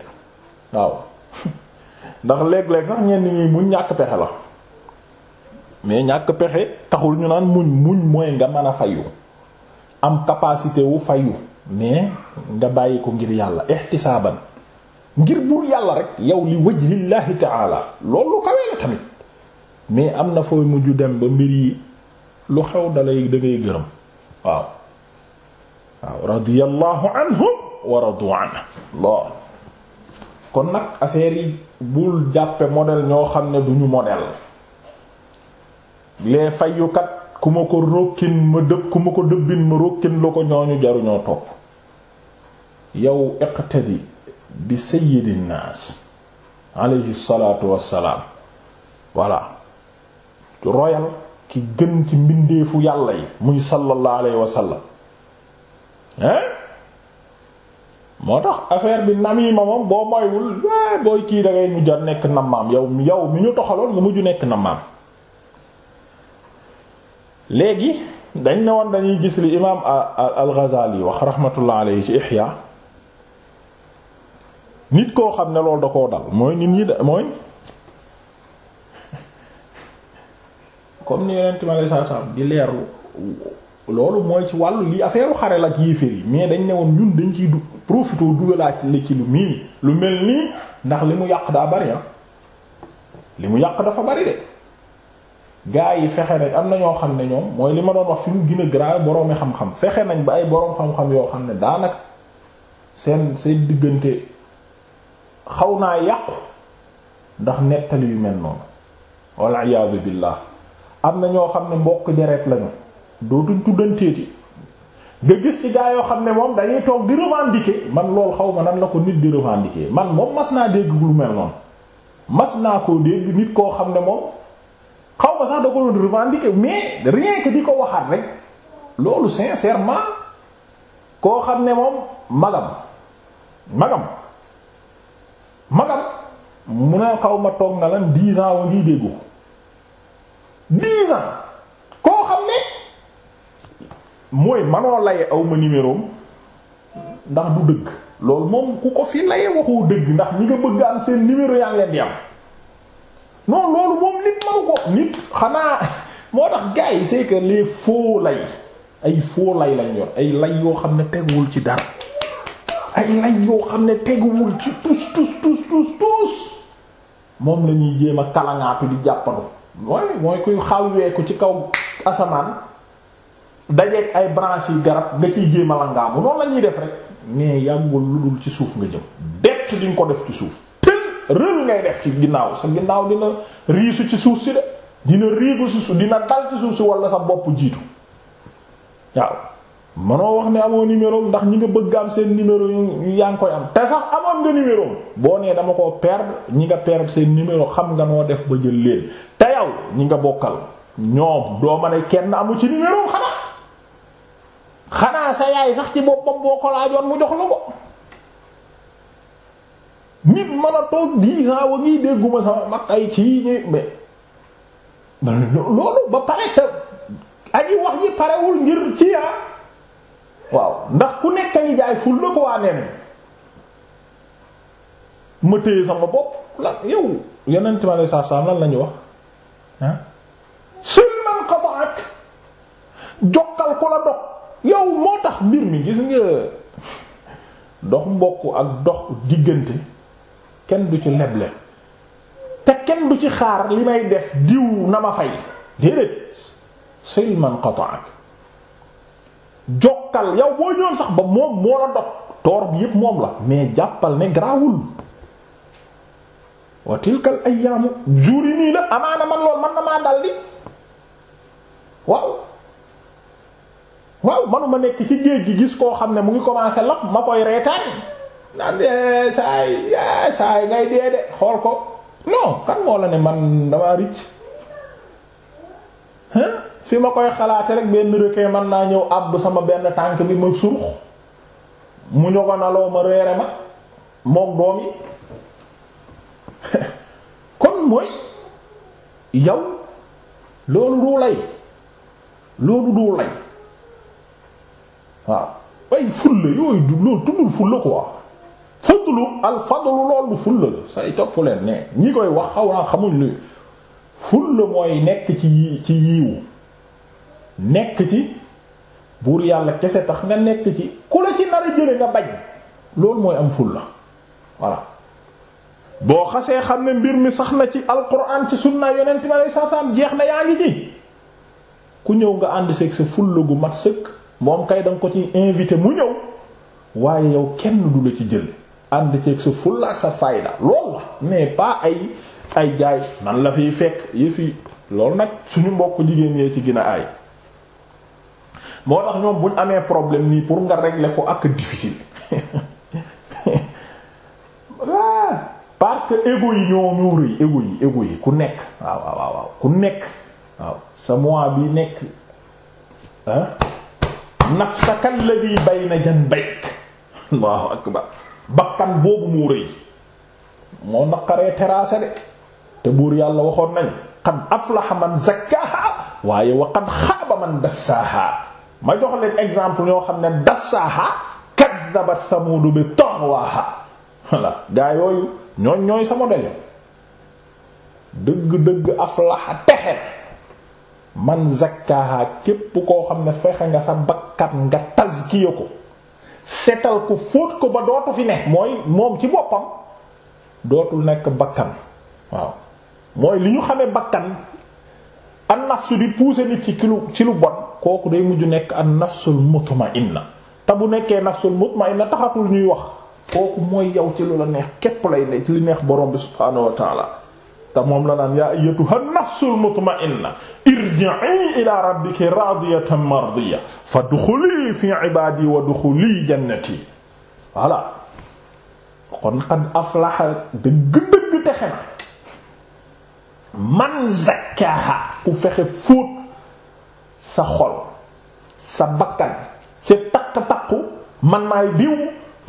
waaw ndax léeg sax ñenn ñi muñ ñàkk pexe la mais ñàkk pexe taxul ñu naan muñ muñ mooy nga mën a fayu am capacité wu fayu mais nga bàyyi ko ngir yàlla ihtisaban ngir buur yàlla rek yow li wajhillahi taala loolu kawee la tamit mais am na fooy mujj dem ba mbir yi lu xew dalay dangay gërëm waaw waaw radiyallahu anhum wa radu anhu kon nag affaire yi bul jàppe modèle ñoo xam ne duñu modèle les fayukat ku ma ko rokkin ma dëb ku ma ko dëbbin ma rokkin lu ko ñooñu jaruñoo topp yow iqtadi bi sayyidi naas alayhi salaatu wassalaam voilà royal ki gën ci mbindeefu yàlla yi muy sallallahu alayhi wa sallam moo tax affaire bi namima moom boo moywul eh, booy kii da ngay mujj a nekk nammaam yow yow mi ñu toxaloon nga mujj nekk nammaam léegi dañ ne woon dañuy gis li imaam al Ghazali wax rahmatullah alayhi ci Ihya nit koo xam ne loolu da koo dal mooy nit ñi de mooy comme ni yonent ma saa saa di leerlu loolu mooy ci wàllu li affaire xare la ak yéeféer yi mais dañ ne woon ñun dañ ciy du profité dugalaat la ci lu mii lu mel nii ndax li mu yàq daa bari ah li mu yàq dafa bari de gaa yi fexe nañ am na ñoo xam ne ñoom mooy li ma doon wax fi mu gën a grave boroomi xam-xam fexe nañ ba ay boroom xam-xam yoo xam ne daanaka seen seen diggante. xaw naa yàqu ndax nettali yu mel noonu walla iyaadu billaah am na ñoo xam ne mbokk deret lañu dootuñ tuddanteeti nga gis ci gaa yoo xam ne moom dañuy toog di revendiquer man lool xaw ma nan la ko nit di revendiquer man moom mas naa dégg lu mel noonu mas naa koo dégg nit koo xam ne moom xaw ma sax da ko doon revendiquer mais rien di ko waxaat rek loolu sincèrement koo xam ne moom magam magam magam mu xaw ma toog na lan dix ans wa ngiy déggu dix koo xam ne mooy manoo laye aw ma numéro ndax du dëgg loolu moom ku ko fi laye waxoo dëgg ndax ñi nga bëgg am seen numéro yaa ngi leen di am non loolu moom nit manu ko nit xanaa moo tax gars yi c'est que les faux lay ay faux lay lañ yor ay lay yoo xam ne teguwul ci dara ay lay yoo xam ne teguwul ci tus tus tus tus moom la ñuy jéem a kalaŋaatu di jàppandu mooy mooy kuy xawweeku ci kaw asamaan dajeeg ay branches yu garab nga ciy jéem a la ngaamu la ñuy def rek mais yàggul lu dul ci suuf nga jëm bett di ko def ci suuf tël rël ngay def ci ginnaaw sa ginnaaw dina riisu ci suuf si de dina riigu si dina dal ci suuf si wala sa boppu jiitu waaw manoo wax ne amoo numéro ndax ñi nga bëgg am seen numéro yu yaa ngi koy am te sax amoon nga numéro boo nee dama koo perdre ñi nga perdre seen numéro xam nga noo def ba jël leen te yow ñi nga bokkal ñoom doo kenn amu ci numéro xanaa xanaa sa yaay sax ci boppam boo ko laajoon mu jox la ko nit mën a toog dix ans wa ngi dégguma sama mag ay ci ñi loolu ba pare te aji wax ji parewul ngir ci yaa ah. waaw ndax ku nekk ñu jaay ful la ko waa nee nañ ma téye sama bopp la yow yonent ma lay saaf lan la ñu wax ah. seulement xaw ak jokkal ku la dox yow moo tax mbir mi gis nga dox mbokk ak dox diggante kenn du ci leble te kenn du ci xaar li may def diw na ma fay déedéet seulement xaw ak jokkal yow boo ñëwoon sax ba moom moo la dog toor bi yépp moom la mais jàppal ne garaawul wa tilkal ayaamu jur yi nii la amaana man lool man na maa daldi waaw waaw manuma nekk ci géej gi gis koo xam ne mu ngi commencé lap ma koy reetaan naan eh, saay eh, saay ngay dee de xool ko non kan moo la ne man damaa ricc fi ma koy xalaate rek benn requin man naa ñëw àbb sama benn tànk bi ma surux mu ñogonaloo ma reere ma mook doom yi kon mooy yow loolu du lay loolu du lay waaw ay fulla yooyu du loolu tuddul fulla quoi fadlu al fadlu loolu fulla say topp leen ne ñi koy wax xaw naa xamuñ lu fulla mooy nekk ci yiiwu nekk ci buur yàlla kese tax nga nekk ci ku la ci nar a jële nga bañ loolu mooy am ful la voilà boo xasee xam ne mbir mi sax na ci alquran ci sunna yonent bi alei sat jeex na yaa ngi ci ku ñëw nga ànd seeg sa fulla gu mat sëkk moom kay da ko ci invité mu ñëw waaye yow kenn du la ci jël ànd ceeg sa fulla ak sa fayda lool la mais pas ay ay jaay man la fiy fekk yi fii loolu nag suñu mbokk jigéen yee ci gën a moo tax ñoom bu ñu amee problème nii pour nga régler ko ak difficile parce que égo yi ñoo ñoo rëy égo yi égo yi ku nekk waaw waaw waaw ku nekk waaw sa moi bi nekk ah nafsaka alladhi bayna janbayk allahu akbar bakkan boobu moo rëy moo naqaree terrassé de te buur yàlla waxoon nañ qad aflaha man zakkaha waaye wa qad xaaba man dassaaha ma jox leen exemple ñoo xam ne dassaaha kaddabat samuudu bi taghwaaha voilà gaa yooyu ñooñ ñooy sa modèle dëgg-dëgg aflaha texe man zakkaaha képp koo xam ne fexe nga sa bakkan nga tazkiya ko setal ko fóot ko ba dootu fi ne mooy moom ci boppam dootul nekk bakkan waaw mooy li ñu xamee bakkan an nafsu di pousser nit ci ci lu bon kooku day mujj nekk an nafsul mutma'inna te bu nekkee nafsul mutma'inna taxatul ñuy wax kooku mooy yow ci lu la neex képp lay ne ci li neex borom bi subhaanahu wa ta'ala te moom la naan yaa ayyatuha nafsul mutma'inna irji'i ila rabbiki radiyatan mardiya fadkhuli fi ibadi wa dkhuli jannati voilà kon qad aflaha dëgg-dëgg texe na man zakkaha ku fexe fóot sa xol sa bakkan ci takk-takku man maay diw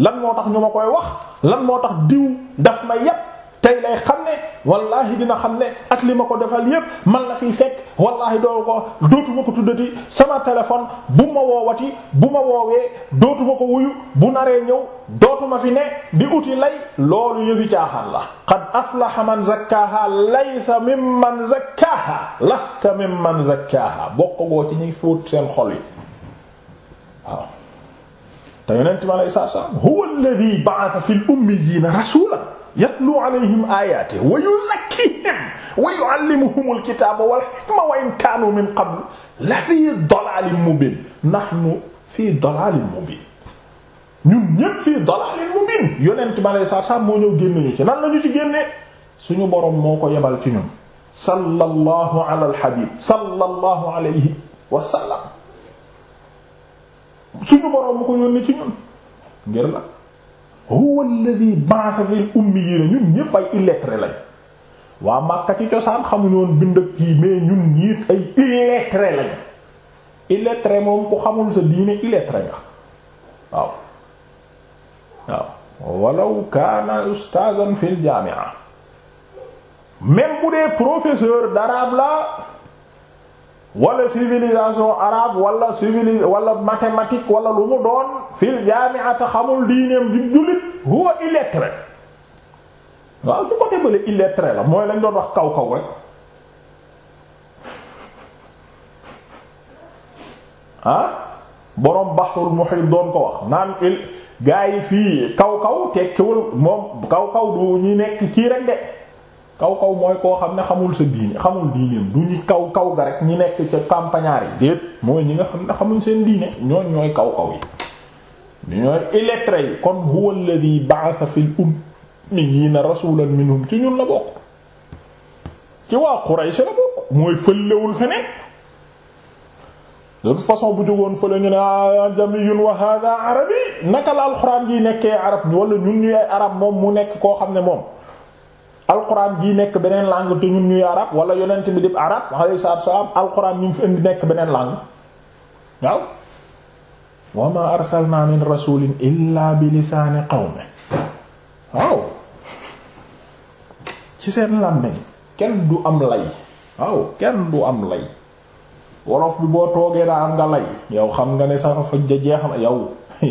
lan moo tax ñu ma koy wax lan moo tax diw daf ma yépp tey lay xam ne wallaahi dina xam ne ak li ma ko defal yépp man la fiy fekk wallaahi doo ko dootuma ko tuddati sama téléphone bu ma woowati bu ma woowee dootuma ko wuyu bu naree ñëw dootuma fi ne di uti lay loolu yëfi caaxaan la qad aflaha man zakkaha laysa mimman zakkaha lasta mimman zakkaha bokkagoo ci ñuy fóot seen xol yi waaw te yonent mi alayhi salaam huwa alladhi ba'atha fil ummiyyina rasulan yatlu alayhim ayaati wa yuzakkihim wa yuallimuhumul kitaaba wal hikma wa in kaanu min qablu la fii dalaalin mubiin nahnu fii dalaalin mubiin ñun ñépp fii dalaalin mubiin yonent ma lay sax sax moo ñëw génne ñu ci nan la ñu ci génnee suñu boroom moo ko yebal ci ñun. sallallahu ala alhabib sallallahu alayhi wa sallam suñu boroom mu ko yónni ci ñun ngir la. huwa alladhi ba'atha fil ummiyiina ñun ñëpp ay illettrés lañ waa Makka cosaan xamuñu bind ak kii mais ñun ñii ay illettrés lañ illettré moom ku xamul sa diine illettré nga waaw waaw walaw kaana ustazan fil jaami'a même bu dee professeur d'arabe la wala civilisation walla wala civilis wala mathématique wala lu mu doon fil jaami'ata xamul diineem di jullit huwa illettré waaw ci côté bële illettré la mooy lañ doon wax kaw kaw rek ah borom Bahrul Muhit doon ko wax naan il gaa fii kaw kaw tekkiwul moom kaw kaw du ñu nekk kii kaw kaw mooy koo xam ne xamul sa diine xamul diineem du ñu kaw kaw ga rek ñi nekk ca campagnard yi déet mooy ñi nga xam ne xamuñ seen diine ñooñ ñooy kaw kaw yi ñooy illettré yi kon huwa alladhi ba'atha fil ummiyina rasulan minhum ci ñun la bokk ci waa Quraysh la façon bu jógoon fële ñu ne ajamiyun wa hadha arabi naka la alxuraan wala ñun ñuy arab moom mu nekk koo xam ne moom alquran jii nekk beneen langue te ñun ñuy arab wala yonent bi di arab alayhi salaatu wa salaam alquran ñu fi indi nekk beneen langue waaw wa ma arsalna min rasulin illa bi lisaani qawmi waaw ci seen làmmeñ kenn du am lay waaw kenn du am lay wolof bi boo toogee daa am nga lay yow xam nga ne sax xujja jeex na yow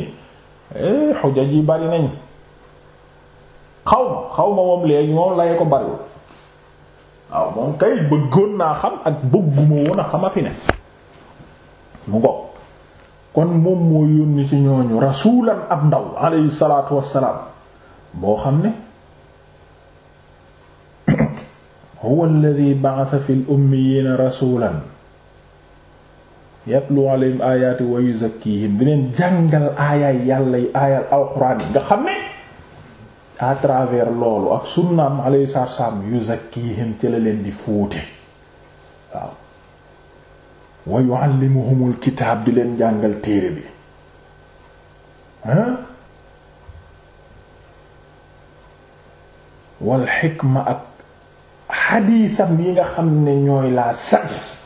eh, xujja ji bari nañ xaw ma moom léegi moom laye ko bariwul waaw moom kay bëggoon naa xam ak bëgguma woon a xama fi ne mu ngoog kon moom moo yónni ci ñooñu rasulan ab ndaw alayhi wassalaam boo xam ne huwa alladhi ba'atha fil ummiyiina ayaati wa yuzakkihim di leen jàngal aayaay yàlla yi aayal alxuraan yi nga xam ne à travers loolu ak sunnaam alayhi salaam yuzakkihim ci la leen di fóote waaw wa yuallimuhumul kitaab di leen jàngal téere bi hein wal xikma ak xadiisam yi nga xam ne ñooy la sagesse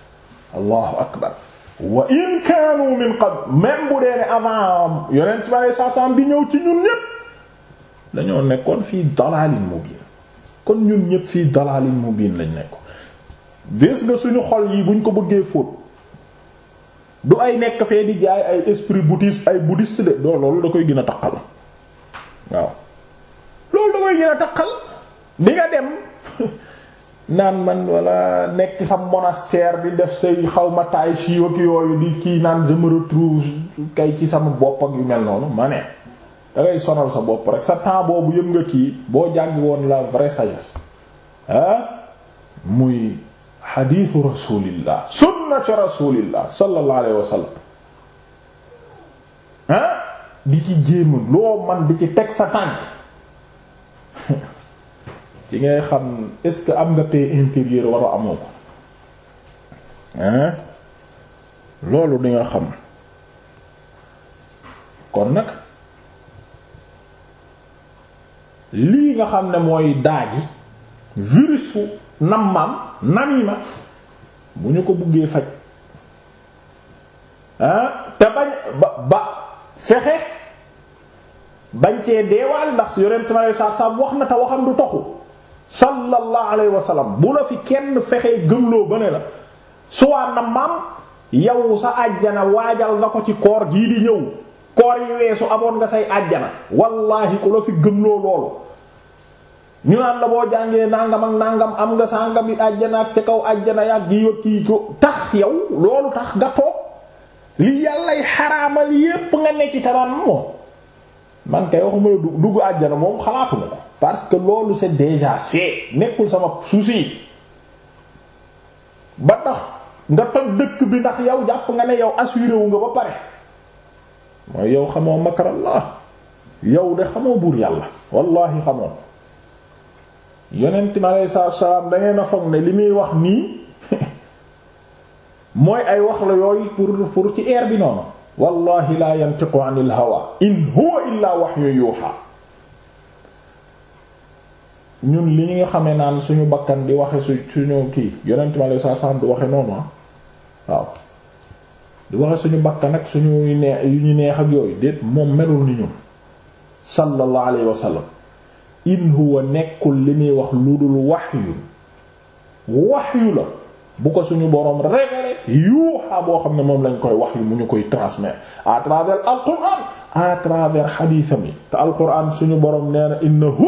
allahu akbar wa in kaanu min qabl même bu dee ne avant yonent bi alayhi salaam bi ñëw ci ñun ñépp dañoo nekkoon fii dalaalin mubiin kon ñun ñëpp fii dalaalin mubiin lañ nekk bés nga suñu xol yi buñ ko bëggee fóot du ay nekk fee di jaay ay esprit bouddhiste ay bouddhiste de doo loolu da koy gën a taqal waaw loolu da koy gën a taqal di nga dem naan man walla nekk sam monastère di def say xawma taay siiw ak di kii naan je me retrouve kay ci sama bopp ak yu mel noonu ma ne da ngay sonal sa bopp rek sa temps boobu yëm nga kii boo jàngi woon la vraie sagesse ah, muy xadiisu rasulillah sunnatu rasulillah sallallahu alayhi wa sallam ah ci jéema loo man ci teg sa tànk ngay xam est-ce que am nga paix intérieure amoo ko ah, loolu di nga xam kon nag lii nga xam ne mooy daaji virusu nammaam namima bu ñu ko buggee faj ah te bañ ba ba fexe bañ cee deewaal ndax yonent ma saa saa wax na te waxam du toxu sallallahu alayhi wa sallam bu la fi kenn fexee gëmloo ba ne la suwaa nammaam yow sa àjjana waajal nga ko ci koor gii di ñëw koor yi weesu amoon nga say àjjana wallahi ku la fi gëmloo loolu ñu naan la boo jàngee nangam ak nangam am nga sàngam yi àjjana ak ca kaw àjjana yàgg yi kii ko tax yow loolu tax nga toog li yàllay xaraamal yépp nga ne ci taran moom man kay waxuma la dugg àjjana moom xalaatu na ko parce que loolu c'est déjà fait nekkul sama souci ba tax nga toj dëkk bi ndax yow jàpp nga ne yow assuré wu nga ba pare mooy yow xamoo makarallah yow de xamoo buur yàlla wallahi xamoo yonent mi aleyhi salaatu wa salaam da a foog ne li muy wax nii mooy ay wax la yooyu pour pour ci air bi noonu wallahi la yantiqu anil hawa in huwa illa wahyu yuha ñun li ñu nga xamee naan suñu bakkan di waxe suñu kii yonent mi aleyhi salaatu salaam du waxe noonu ah. waaw di waxe suñu bakkan ak suñu neex yu ñu neex ak yooyu déet moom melul ni ñun sallallahu alayhi wa sallam in huwa nekkul li muy wax lu dul wahyu wahyu la bu ko suñu boroom révélé yuuxa boo xam ne moom lañ koy wax yu mu ñu koy transmettre à travers alquran à travers xadiisam yi te alquran suñu boroom nee na innahu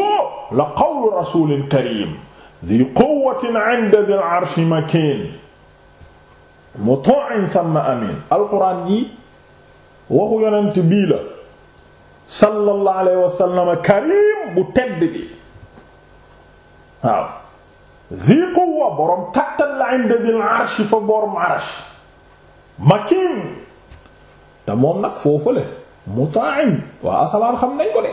la qawlu rasulin karim dhi quwwatin 'inda dhil 'arshi makin muta'in thumma amin alquran yi waxu yonent bii la sallallahu alayhi wa sallam karim bu tedd bi waaw dhi quwwa boroom kattan la inda dhil arsh fa boroom arsh makin te moom nag foofule muta'in waa asalaan xam nañ ko de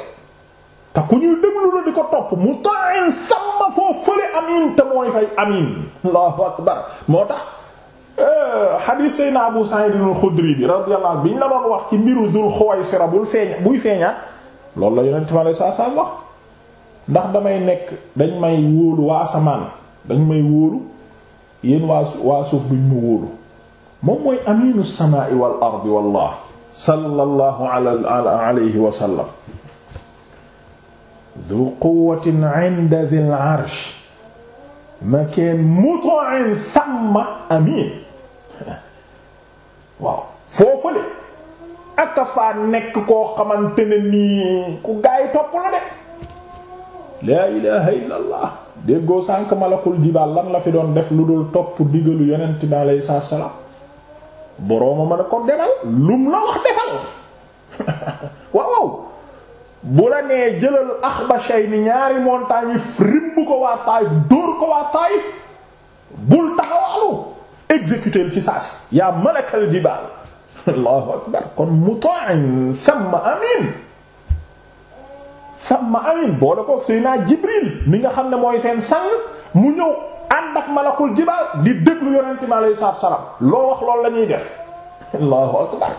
te ku ñuy déglu la di ko topp muta'in sama foofule amin te mooy fay amin allahu akbar moo tax xadiis euh, Seydina Abu Sa'id al-Xudri bi radiyallahu anhu bi ñu la doon wax ci mbiru Dul Xuwaysira bul feeñ buy feeñaat loolu la yonent ma lay saa saa wax ndax damay nekk dañ may wóolu waa asamaan dañ may wóolu yéen waa waa suuf duñ mu wóolu moom mooy aminu samaa'i wal ardi wallah sallallahu alayhi wa sallam du quwwatin 'inda dhil 'arsh makaan muta'in thumma amin waaw foofale ak faa nekk koo xamante ne nii ku gaa yi topp la de laa ilaha illa déggoo sànk malakul jibaal lan la fi doon def lu dul topp digalu yonent bi alayhi salaam borooma a ko demal lum la wax defal waaw bu la nee jëlal axbashay ni ñaari montagne yi ko waa Taayif dóor ko waa Taayif bul taxawaalu exécuter ci saa si yaa malakal jibaal allahu akbar kon muta'in thumma amin thumma amin boole Jibril mi nga xam ne mooy seen sang mu ñëw ànd ak malakul jibaal di déglu yonent mi alayhi salaatu salaam loo wax loolu la ñuy def allahu akbar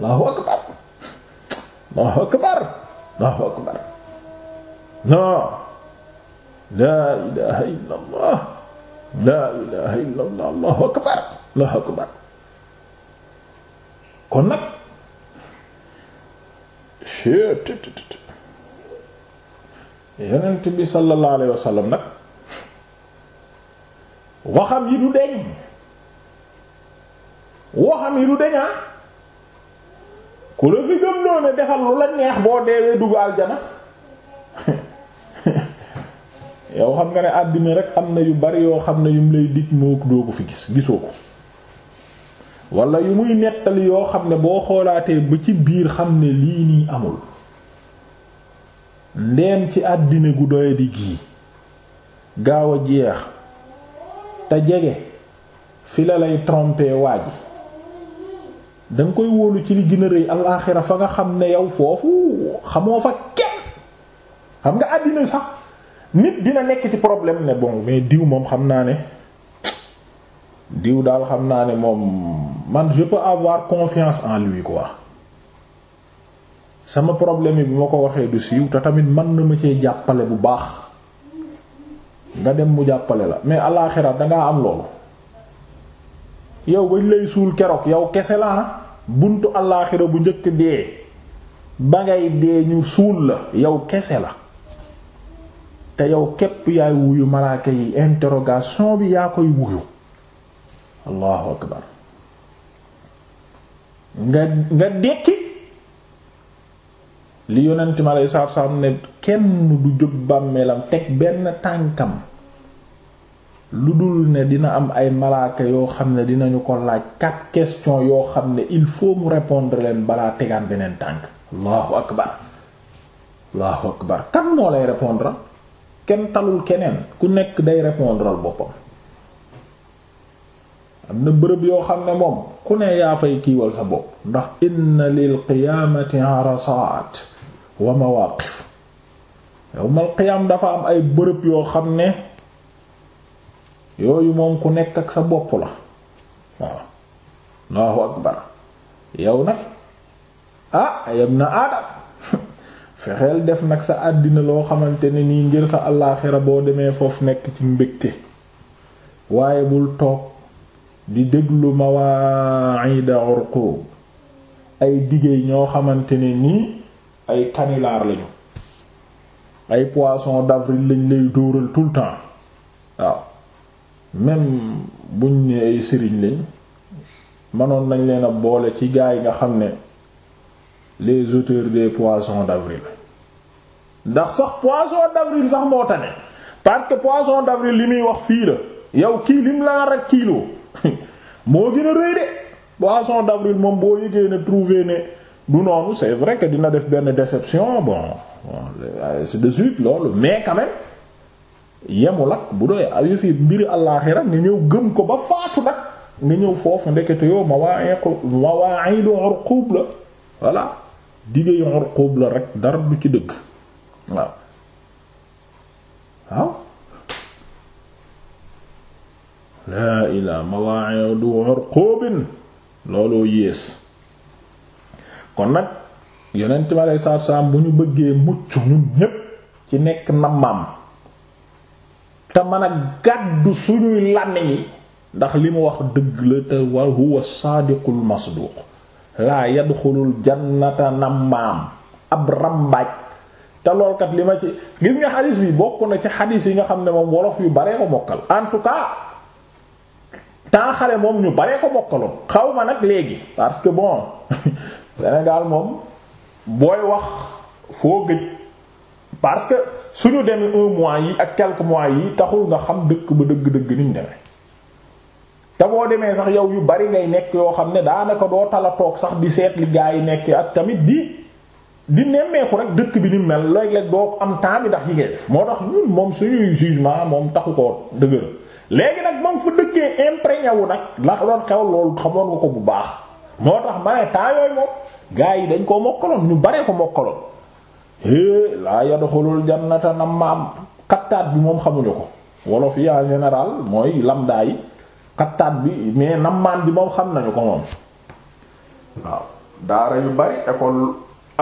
allahu akbar allahu akbar allahu akbar non la ilaha illallah laa ilaha illa allahu akbar allahu akbar kon nag tt yonent bi sallallahu alayhi nag waxam yi du deñ waxam yi du deñaa ah. ku la fi gëm noonu defal lu la neex boo deewee dugg aljana yow xam nga ne àddina rek am na yu bari yoo xam ne yum lay dig moo doo fi gis gisoo ko wala yu muy nettali yoo xam ne boo xoolaatee ba ci biir xam ne lii nii amul ndeem ci àddina gu doye di gii gaaw a jeex te jege fi la lay tromper waa ji danga koy wóolu ci li gën a rëy alaaxira fa nga xam ne yow foofu xamoo fa kenn xam nga àddina sax nit dina nekk ci problème ne bon mais diw moom xam naa ne diw daal xam naa ne moom man je peux avoir confiance en lui quoi sama problème yi bi ma ko waxee du siiw te tamit man na ma cee jàppale bu baax nga dem mu jàppale la mais àlaxira dangaa am loolu yow bañ lay suul keroog yow kese la buntu àlaxira bu njëkk dee ba ngay dee ñu suul la yow kese la te yow képp yaay wuyu malaaka yi interrogation bi yaa koy wuyu allahu akbar nga nga dekki li yonent ma lay saaf saaf ne kenn du jóg bàmmeelam teg benn tànkam lu dul ne dina am ay malaaka yoo xam ne dinañu ko laaj quatre questions yoo xam ne il faut mu répondre leen balaa tegaan beneen tànk allahu akbar allahu akbar kan moo lay répondre kenn talul keneen ku nekk day répondral boppam am na bërëb yoo xam ne moom ku ne yaa fay kiiwal sa bopp ndax inna lil qiyaamati arasaat wa mawaqif yawmal qiyaam dafa am ay bërëb yoo xam ne yooyu moom ku nekk ak sa bopp la waaw Allahu akbar yow nag ah yam na aadam fexeel def nag sa àddina loo xamante ne nii ngir sa allaaxira boo demee foofu nekk ci mbégte waaye bul toog di déglu mawa'ida urqub ay diggéey ñoo xamante ne nii ay canular lañu ay poisson d'avril lañ lay dóoral tout le temps waaw même buñ ne ay sëriñ lañ mënoon nañ leen a boole ci gaa yi nga xam ne les auteurs des poissons d'avril ndax sax poisson d'avril sax moo tane parce que poisson d'avril li muy wax fii la yow kii li lim la rek kilo moo gën a rëy de poisson d'avril moom boo yëgee ne trouvé ne du noonu c'est vrai que dina def benn déception bon c'est euh, de suite loolu mais quand même yemul bu doy ayu ah, fi mbiri àllaaxira nga ñëw gëm ko ba faatu nag nga ñëw foofu ndekete yow ma waa ma waa urqub la voilà digg yu xurqub la rek dara bu ci dëgg waaw waaw laa ilaa mawaa'idu xurqubin looloo yées kon nag yonent bi aleyhi salaatu salaam bu ñu bëggee mucc ñun ñépp ci nekk nammaam te mën a gàddu suñuy làmmiñ yi ndax li mu wax dëgg la te wa huwa saadiqul masduuq laa yadxulul jannata nammaam ab rambaaj te loolkat li ma ci gis nga xadis bi bokk na ci xadis yi nga xam ne moom wolof yu baree ko mokkal en tout cas temps moom ñu baree ko mokkaloon xaw ma nag léegi parce que bon Sénégal moom booy wax foo gëj parce que suñu demee un mois yi ak quelques mois yi taxul nga xam dëkk ba dëgg-dëgg niñ demee te moo demee sax yow yu bari ngay nekk yoo xam ne daanaka doo tala toog sax di seet gaa yi nekk ak tamit di di nemmeeku rek dëkk bi ni mel léeg-léeg doo am temps bi ndax yi ngay def moo tax ñun moom suñuy jugement moom taxu ko dëgër léegi nag moom fa dëkkee imprégné wu nag la doon xew loolu xamoon nga ko bu baax moo tax ma ne yooyu moom gaa yi dañ koo mokkaloon ñu baree ko mokkaloon é laa yadxulul jannata na maam am xattaat bi moom xamuñu ko wolof yi en général mooy lamda xattaat bi mais nammaan bi moom xam nañu ko moom waaw daara yu bari école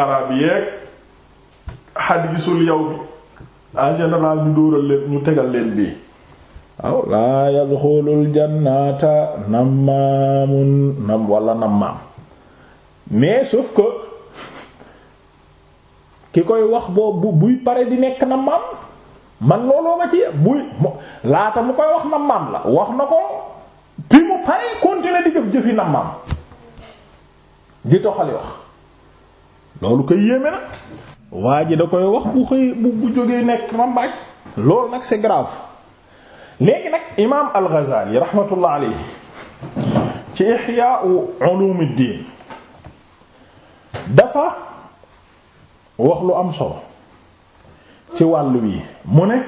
arabe yeeg hadisul yow bi en général ñu dóoral leen ñu tegal leen bii waaw laa yadxulul jannata nammaamun nam wala nammaam mais sauf que ki koy wax boobu buy pare di nekk nammaam man looloo ma ci buy laata mu koy wax nammaam la wax na ko bi mu paree continuer di jëf-jëfi nammaam di doxali wax loolu koy yéeme na waa ji da koy wax bu xëy bu jógee nekk rambaaj loolu nag c'est grave léegi nag imaam al-Ghazali rahmatullah alayhi ci Ihyaa'u Ulumuddin dafa wax lu am solo ci wàllu wi mu ne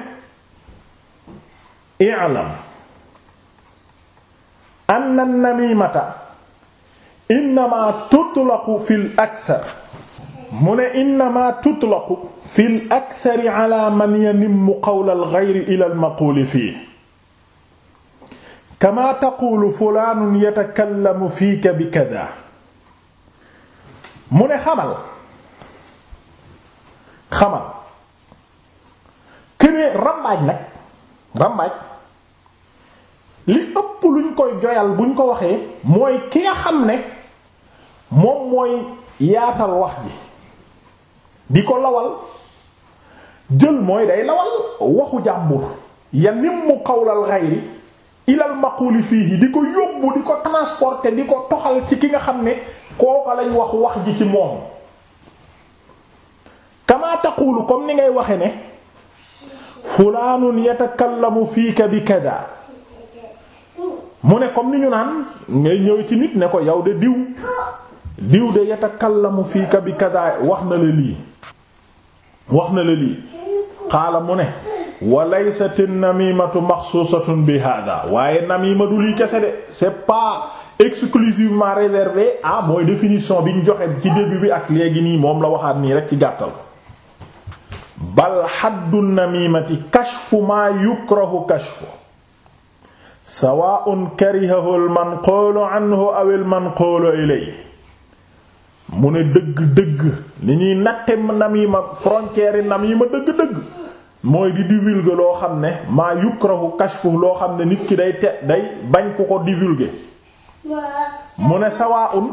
i'lam anna namimata innama tutlaqu fil akthar mu ne innama tutlaqu fil akthari ala man yanimmu qawla al-ghayri ila al-maquli fihi kama taqulu fulanun yatakallamu fika bi kadha mu ne xamal xamal kene rambaaj nag rambaaj li ëpp luñ koy joyal buñ ko waxee mooy ki nga xam ne moom mooy yaatal wax ji di ko lawal jël mooy day lawal waxu jàmbur ya nimmu qawlal ghayri ilal maquli fiihi di ko yóbbu di ko transport te di ko toxal ci ki nga xam ne kooka lañ wax wax ji ci moom kama taqulu ni ngay waxe ne fulaanun yatakallamu fiika bi kada mu ne comme ni ñu naan ngay ñëw ci nit ne ko yow de diw diw de yatakallamu fiika bi kada wax na la lii wax na la lii xaala mu ne wa laysat an-namimatu maxsuusatun bi hada waaye namima du lii kese de c'est pas exclusivement réservé à mooy définition bi ñu joxe ci début bi ak léegi nii moom la waxaat nii rek ci gàttal bal xaddu namimati kashfu ma yukrahu kashfu sawaa'un karihahu al-manquulu anhu aw al-manquulu ilayhi mu ne dëgg-dëgg li ñuy natte namima frontière yi ma dëgg-dëgg mooy di divulguer loo xam ne maa yukrahu kashfu loo xam ne nit ki day te day bañ ku ko divulguer mu ne sawaa'un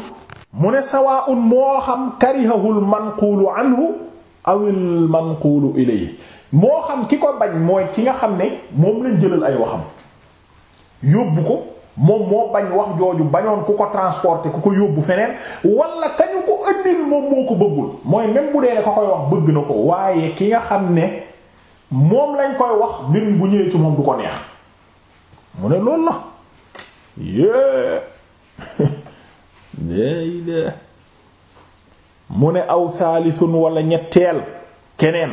mu ne sawaa'un moo xam karihahul manquulu anhu awil manquulu ilayhi moo xam ki ko bañ mooy ki nga xam ne moom lañ jëlal ay waxam yóbbu ko moom moo bañ wax jooju bañoon ku ko transporter ku ko yóbbu feneen wala kañu ko ëndil moom moo ko bëggul mooy même bu dee ne ko koy wax bëgg na ko waaye ki nga xam ne moom lañ koy wax mbir bu ñëwee ci moom du ko neex mu ne lool la yée mu ne aw saalisun wala ñetteel keneen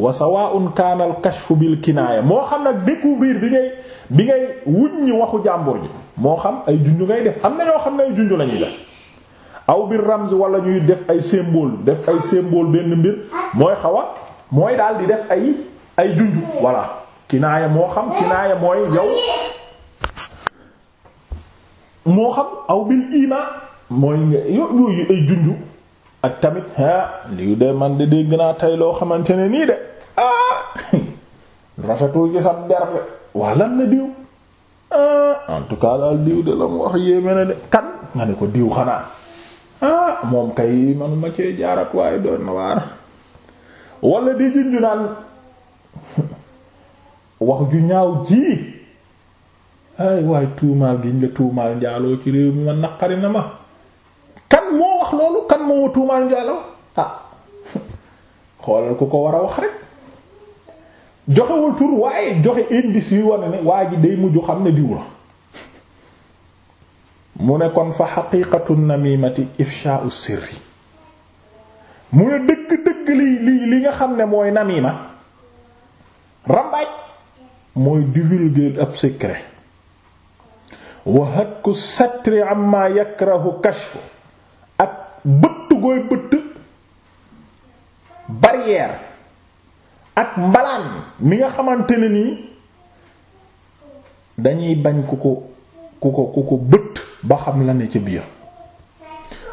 wa sawa'un kana al kashf bil kinaya moo xam nag découvrir bi ngay bi ngay wuññi waxu jàmbur ji moo xam ay junj ngay def am na ñoo xam ne ay junj lañuy ñuy def aw bir ramz wala ñuy def ay symbole def ay symbole benn mbir mooy xaw mooy daal di def ay ay junj voilà kinaaya moo xam kinaaya mooy yow moo xam aw bil ima mooy nga yooyu ay junj ak tamit ah lii de man de dégg naa tey loo xamante ne nii de ah rafetul ci sab der waa lan la diw ah en tout cas daal diw de la mu wax yéeme na de kan nga ne ko diw xanaa ah moom kay manuma cee jaarat waaye doon na waar di junju naan wax ju ñaaw ji ay waaye tuumaal giñ la tuumaal njaaloo ci réew mi ma naqari na ma moo wax loolu kan moo tuumaal njaalo ah xoolal ku ko war a wax rek joxewul tur waaye joxe indice yu wane ne waa ji day mujj xam ne diw la mu ne kon fa xaqiiqatu namimati ifsha'u sirri mu ne dëgg dëgg li li nga xam ne mooy namima rambaaj mooy divulguer ab secret wa hatku satri amma yakrahu kashfu bëtt gooy bëtt barrière ak mbalaan mi nga xamante ni nii dañuy bañ ku ko ku ko ku ko bëtt ba xam la ne ca biir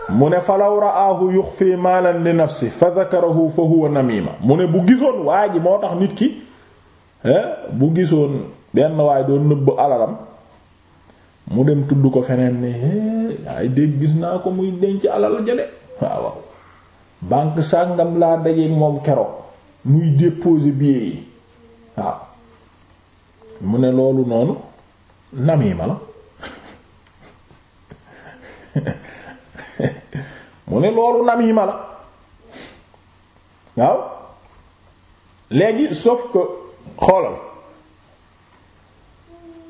mu ne falaw raahu yuxfi maalan li nafsi fa zakarahu fa huwa namima mu ne bu gisoon waa ji moo tax nit ki eh, bu gisoon benn waaye doon nëbb alalam mu dem tudd ko feneen ne ay dégg gis naa ko muy denc alal jële waaw banque sàngam laa dajeeg moom keroog muy déposer billet yi waaw mu ne loolu noonu nam namima la mu ne loolu ma la waaw léegi sauf que xoolal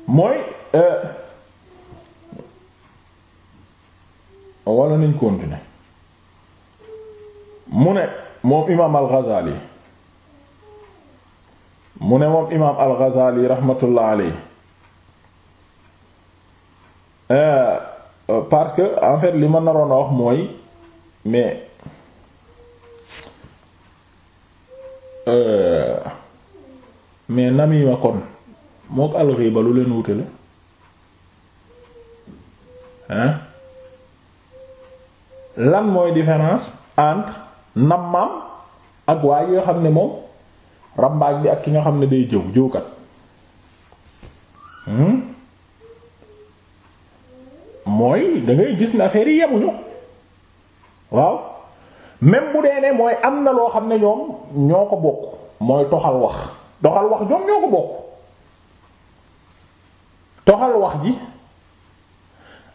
mooy. Euh, wala nañ continuer mu ne moom imaam al-Ghazali mu ne moom imaam al-Ghazali rahmatullah alayhi euh, parce que en li ma naroon a wax mooy mais euh, mais namima kon mook al-ghiba lu leen wutale lan mooy différence entre nammaam ak waaye yoo xam ne moom rambaaj bi ak ki nga xam ne day jëw jëwkat hmm? mooy dangay gis ne affaire yi yemuñu waaw même bu dee ne mooy am na loo xam ne ñoom ñoo ko bokk mooy toxal wax toxal wax ñoom ñoo ko bokk toxal wax ji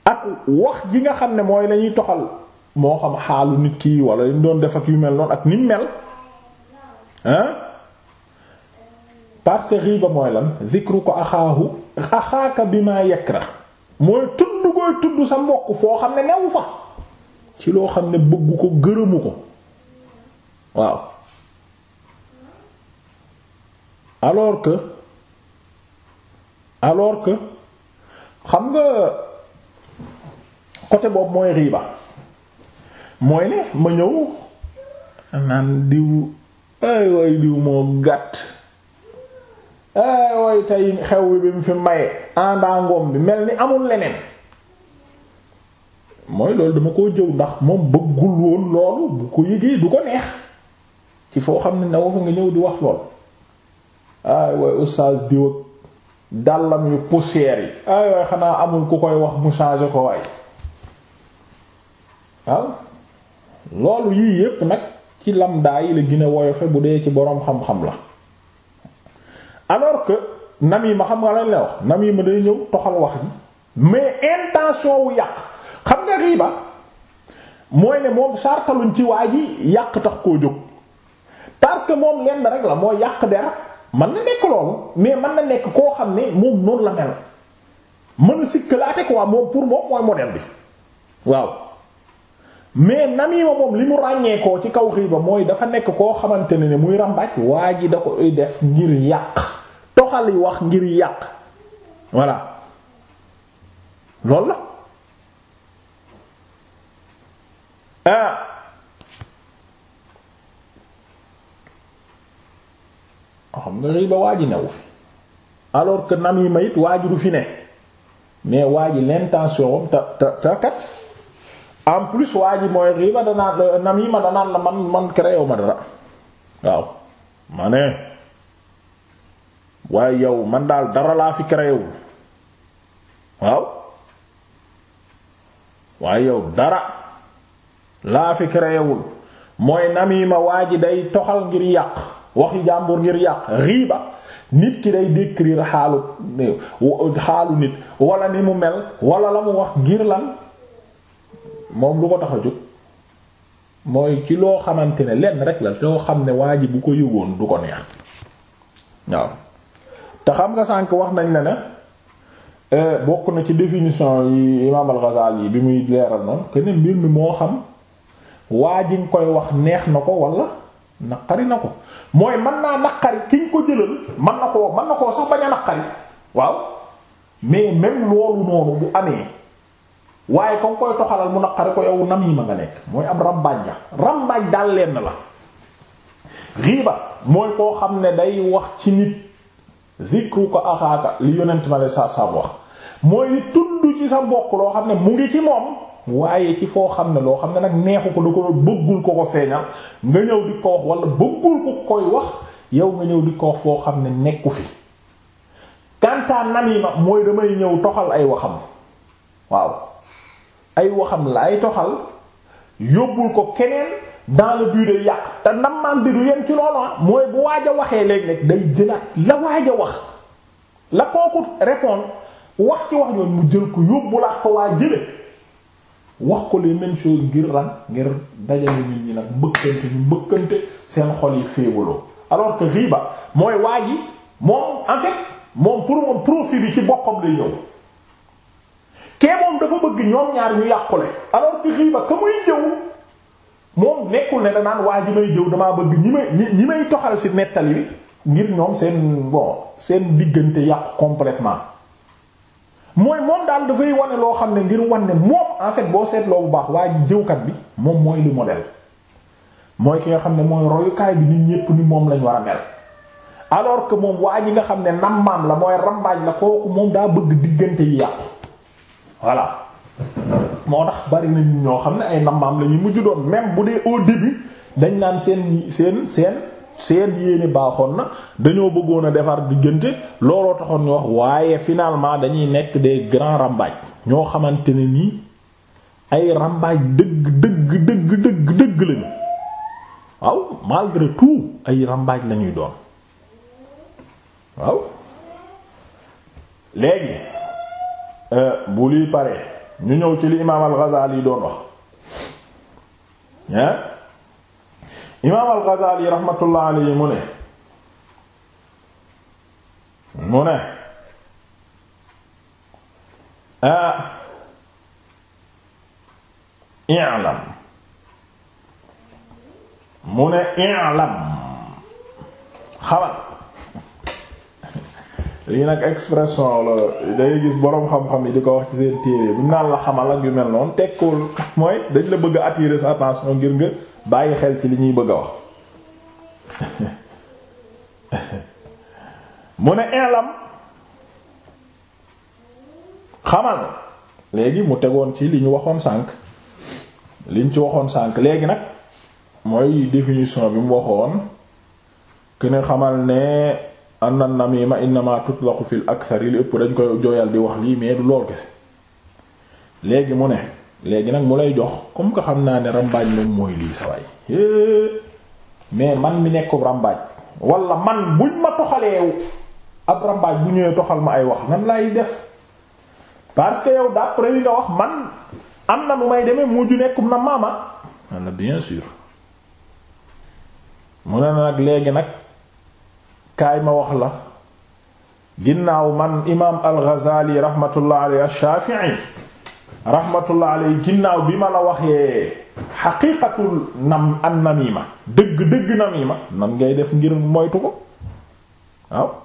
ak wax ji nga xam ne mooy lañuy toxal moo xam xaalu nit kii wala li mu doon def ak yu mel noonu ak ni mu mel hein parce que riba mooy lan zikru ko axaahu axaaka bi maa yakra mooy tudd koy tudd sa mbokk foo xam ne newu fa ci loo xam ne bëggu ko gërëmu ko waaw alors que alors que xam nga côté boobu mooy riba mooy ne ma ñëw naan diw ay way diw moo gàtt ay way tey xew bi bi mu fi maye àndaangoom bi mel ni amul leneen mooy loolu dama koo jëw ndax moom bëggul woon loolu bu ko yëgee du ko neex ci foo xam ne ne fa nga ñëw di wax lool ay way oustaz diw ak dàllam yu poussière yi ay way xanaa amul ku koy wax mu changer ko waay waaw loolu yii yépp nag ci lamdaa yi la gën a woyofe bu dee ci boroom xam-xam la alors que namima xam nga lañ nam yi ma day ñëw toxal wax ji mais intention wu yàq xam nga riiba mooy ne moom sartaluñ ci waa ji yàq tax koo jóg parce que moom lenn rek la moo yàq der man na nekk loolu mais mën na nekk koo xam ne moom noonu la mel mën a ko quoi moom pour moom mooy modèle bi waaw mais namima moom li mu ràññeekoo ci kaw xiiba mooy dafa nekk koo xamante ne ne muy ràmbaaj waa ji da ko def ngir yàq toxal yi wax ngir yàq voilà loolu la ah xam nga xiiba waa que namima it waa ji du fi ne mais waa ji l'intention te te te kat en plus waa ji mooy riba danaa namima danaan la man man créé ma dara waaw ma waaye yow man daal dara laa fi créé wul waaw waaye yow dara laa fi créé wul mooy namima waa ji day toxal ngir yàq wax yu jàmbur ngir yàq riba nit ki day décrire xaalu xaalu nit wala ni mu mel wala la mu wax ngir lan moom lu ko tax a jóg mooy ci loo xamante ne lenn rek la loo xam ne waa ji bu ko yëgoon du ko neex waaw te xam nga sànk wax nañ la ne euh, bokk na ci définition yi imaam al yi bi muy leeral noonu que ne mbir mi moo xam waa ji koy wax neex na ko wala naqari na ko mooy mën naa naqari ki nga ko jëlal mën na koo mën na koo sax bañ a naqari waaw mais même loolu noonu bu amee waaye ko koy toxalal mu naqari ko yow namima nga nekk mooy am rambaaj la rambaaj daal lenn la xiiba mooy koo xam ne day wax ci nit zikru ko axaaka li yonent ma la sa sa wax mooy tudd ci sa mbokk loo xam ne mu ngi ci moom waaye ci foo xam ne loo xam ne nag neexu ko da ko bëggul ko ko feeñal nga ñëw di ko wax wala bëggul ko koy wax yow nga ñëw di ko wax foo xam ne nekku fi kantaan namima mooy damay ñëw toxal ay waxam waaw ay waxam la ay toxal yóbbul ko keneen dans le but de yàq te ndammaam bi du yem ci loolu ah mooy bu waaj waxee léeg-léeg day jëlaat la waaj wax la kooku répondre wax ci wax ñoon mu jël ko yóbbulaat ko waa jële wax ko les mêmes choses ngir ran ngir dajale nit ñi nag mbëkkante ñu mbëkkante seen xol yi féewaloo alors que riba mooy waa ji moom en moom pour moom profit bi ci bokkam lay ñëw kee moom dafa bëgg ñoom ñaar ñu yàqule alors que xiiba ka muy jëw moom nekkul ne danaan waa ji may jëw damaa bëgg ñi may ñi may toxal si nettali ngir ñoom seen bon seen diggante yàqu complètement mooy moom daal dafay wane loo xam ne ngir wane ne moom afet boo seetloo bu baax waa ji jëwkat bi moom mooy li modèle mooy ki nga xam ne mooy royukaay bi nit ñépp ni moom lañ war a mel alors que moom waa ji nga xam ne nammaam la mooy rambaaj la kooku moom daa bëgg diggante yi voilà moo tax bari na nit ñoo xam ne ay nambaam lañuy ñuy mujj doon même bu dee au début dañ naan seen seen seen seen yéene baaxoon na dañoo bëggoon a defar diggante looloo taxoon ñu wax waaye finalement dañuy nekk des grands rambaaj ñoo xamante ne nii ay rambaaj dëgg dëgg dëgg dëgg dëgg lañu waaw malgré tout ay rambaaj lañuy doon waaw léegi Euh, bu lii pare ñu ñëw ci li imaam al-Ghazali doon wax imaam al-Ghazali rahmatullah alayhi mu ne mu ne ah i'lam mu ne i'lam xamal lii nag expression la day gis boroom xam-xam yi di ko wax ci seen téere bu naan la xamal ak yu mel noonu tekkool mooy dañ la bëgg a attirer sa attention ngir nga bàyyi xel ci li ñuy bëgg a wax mu ne ilam xamal léegi mu tegoon ci li ñu waxoon sànq liñ ci waxoon sànq léegi nag mooy définition bi mu waxoon que xamal ne anna namima innama tutlaqu fil akthari li ëpp dañ koy jooyal di wax lii mais du lool kese léegi mu ne léegi nag mu lay jox comme ko xam naa ne ràmbaaj moom mooy lii sa mais man mi nekk ràmbaaj walla man buñ ma toxaleew ab ràmbaaj bu ñëwee toxal ma ay wax nan lay def parce que yow d'après li nga wax man am na nu may demee mujj nekkum na maama. na bien sûr mu ne nag léegi nag. kaay ma wax la ginnaaw man imaam al-Ghazali rahmatullah alayhi ash-Shafi'i rahmatullah alayhi ginnaaw bi ma la waxee xaqiiqatul nam an namima dëgg dëgg namima nan ngay def ngir moytu ko waaw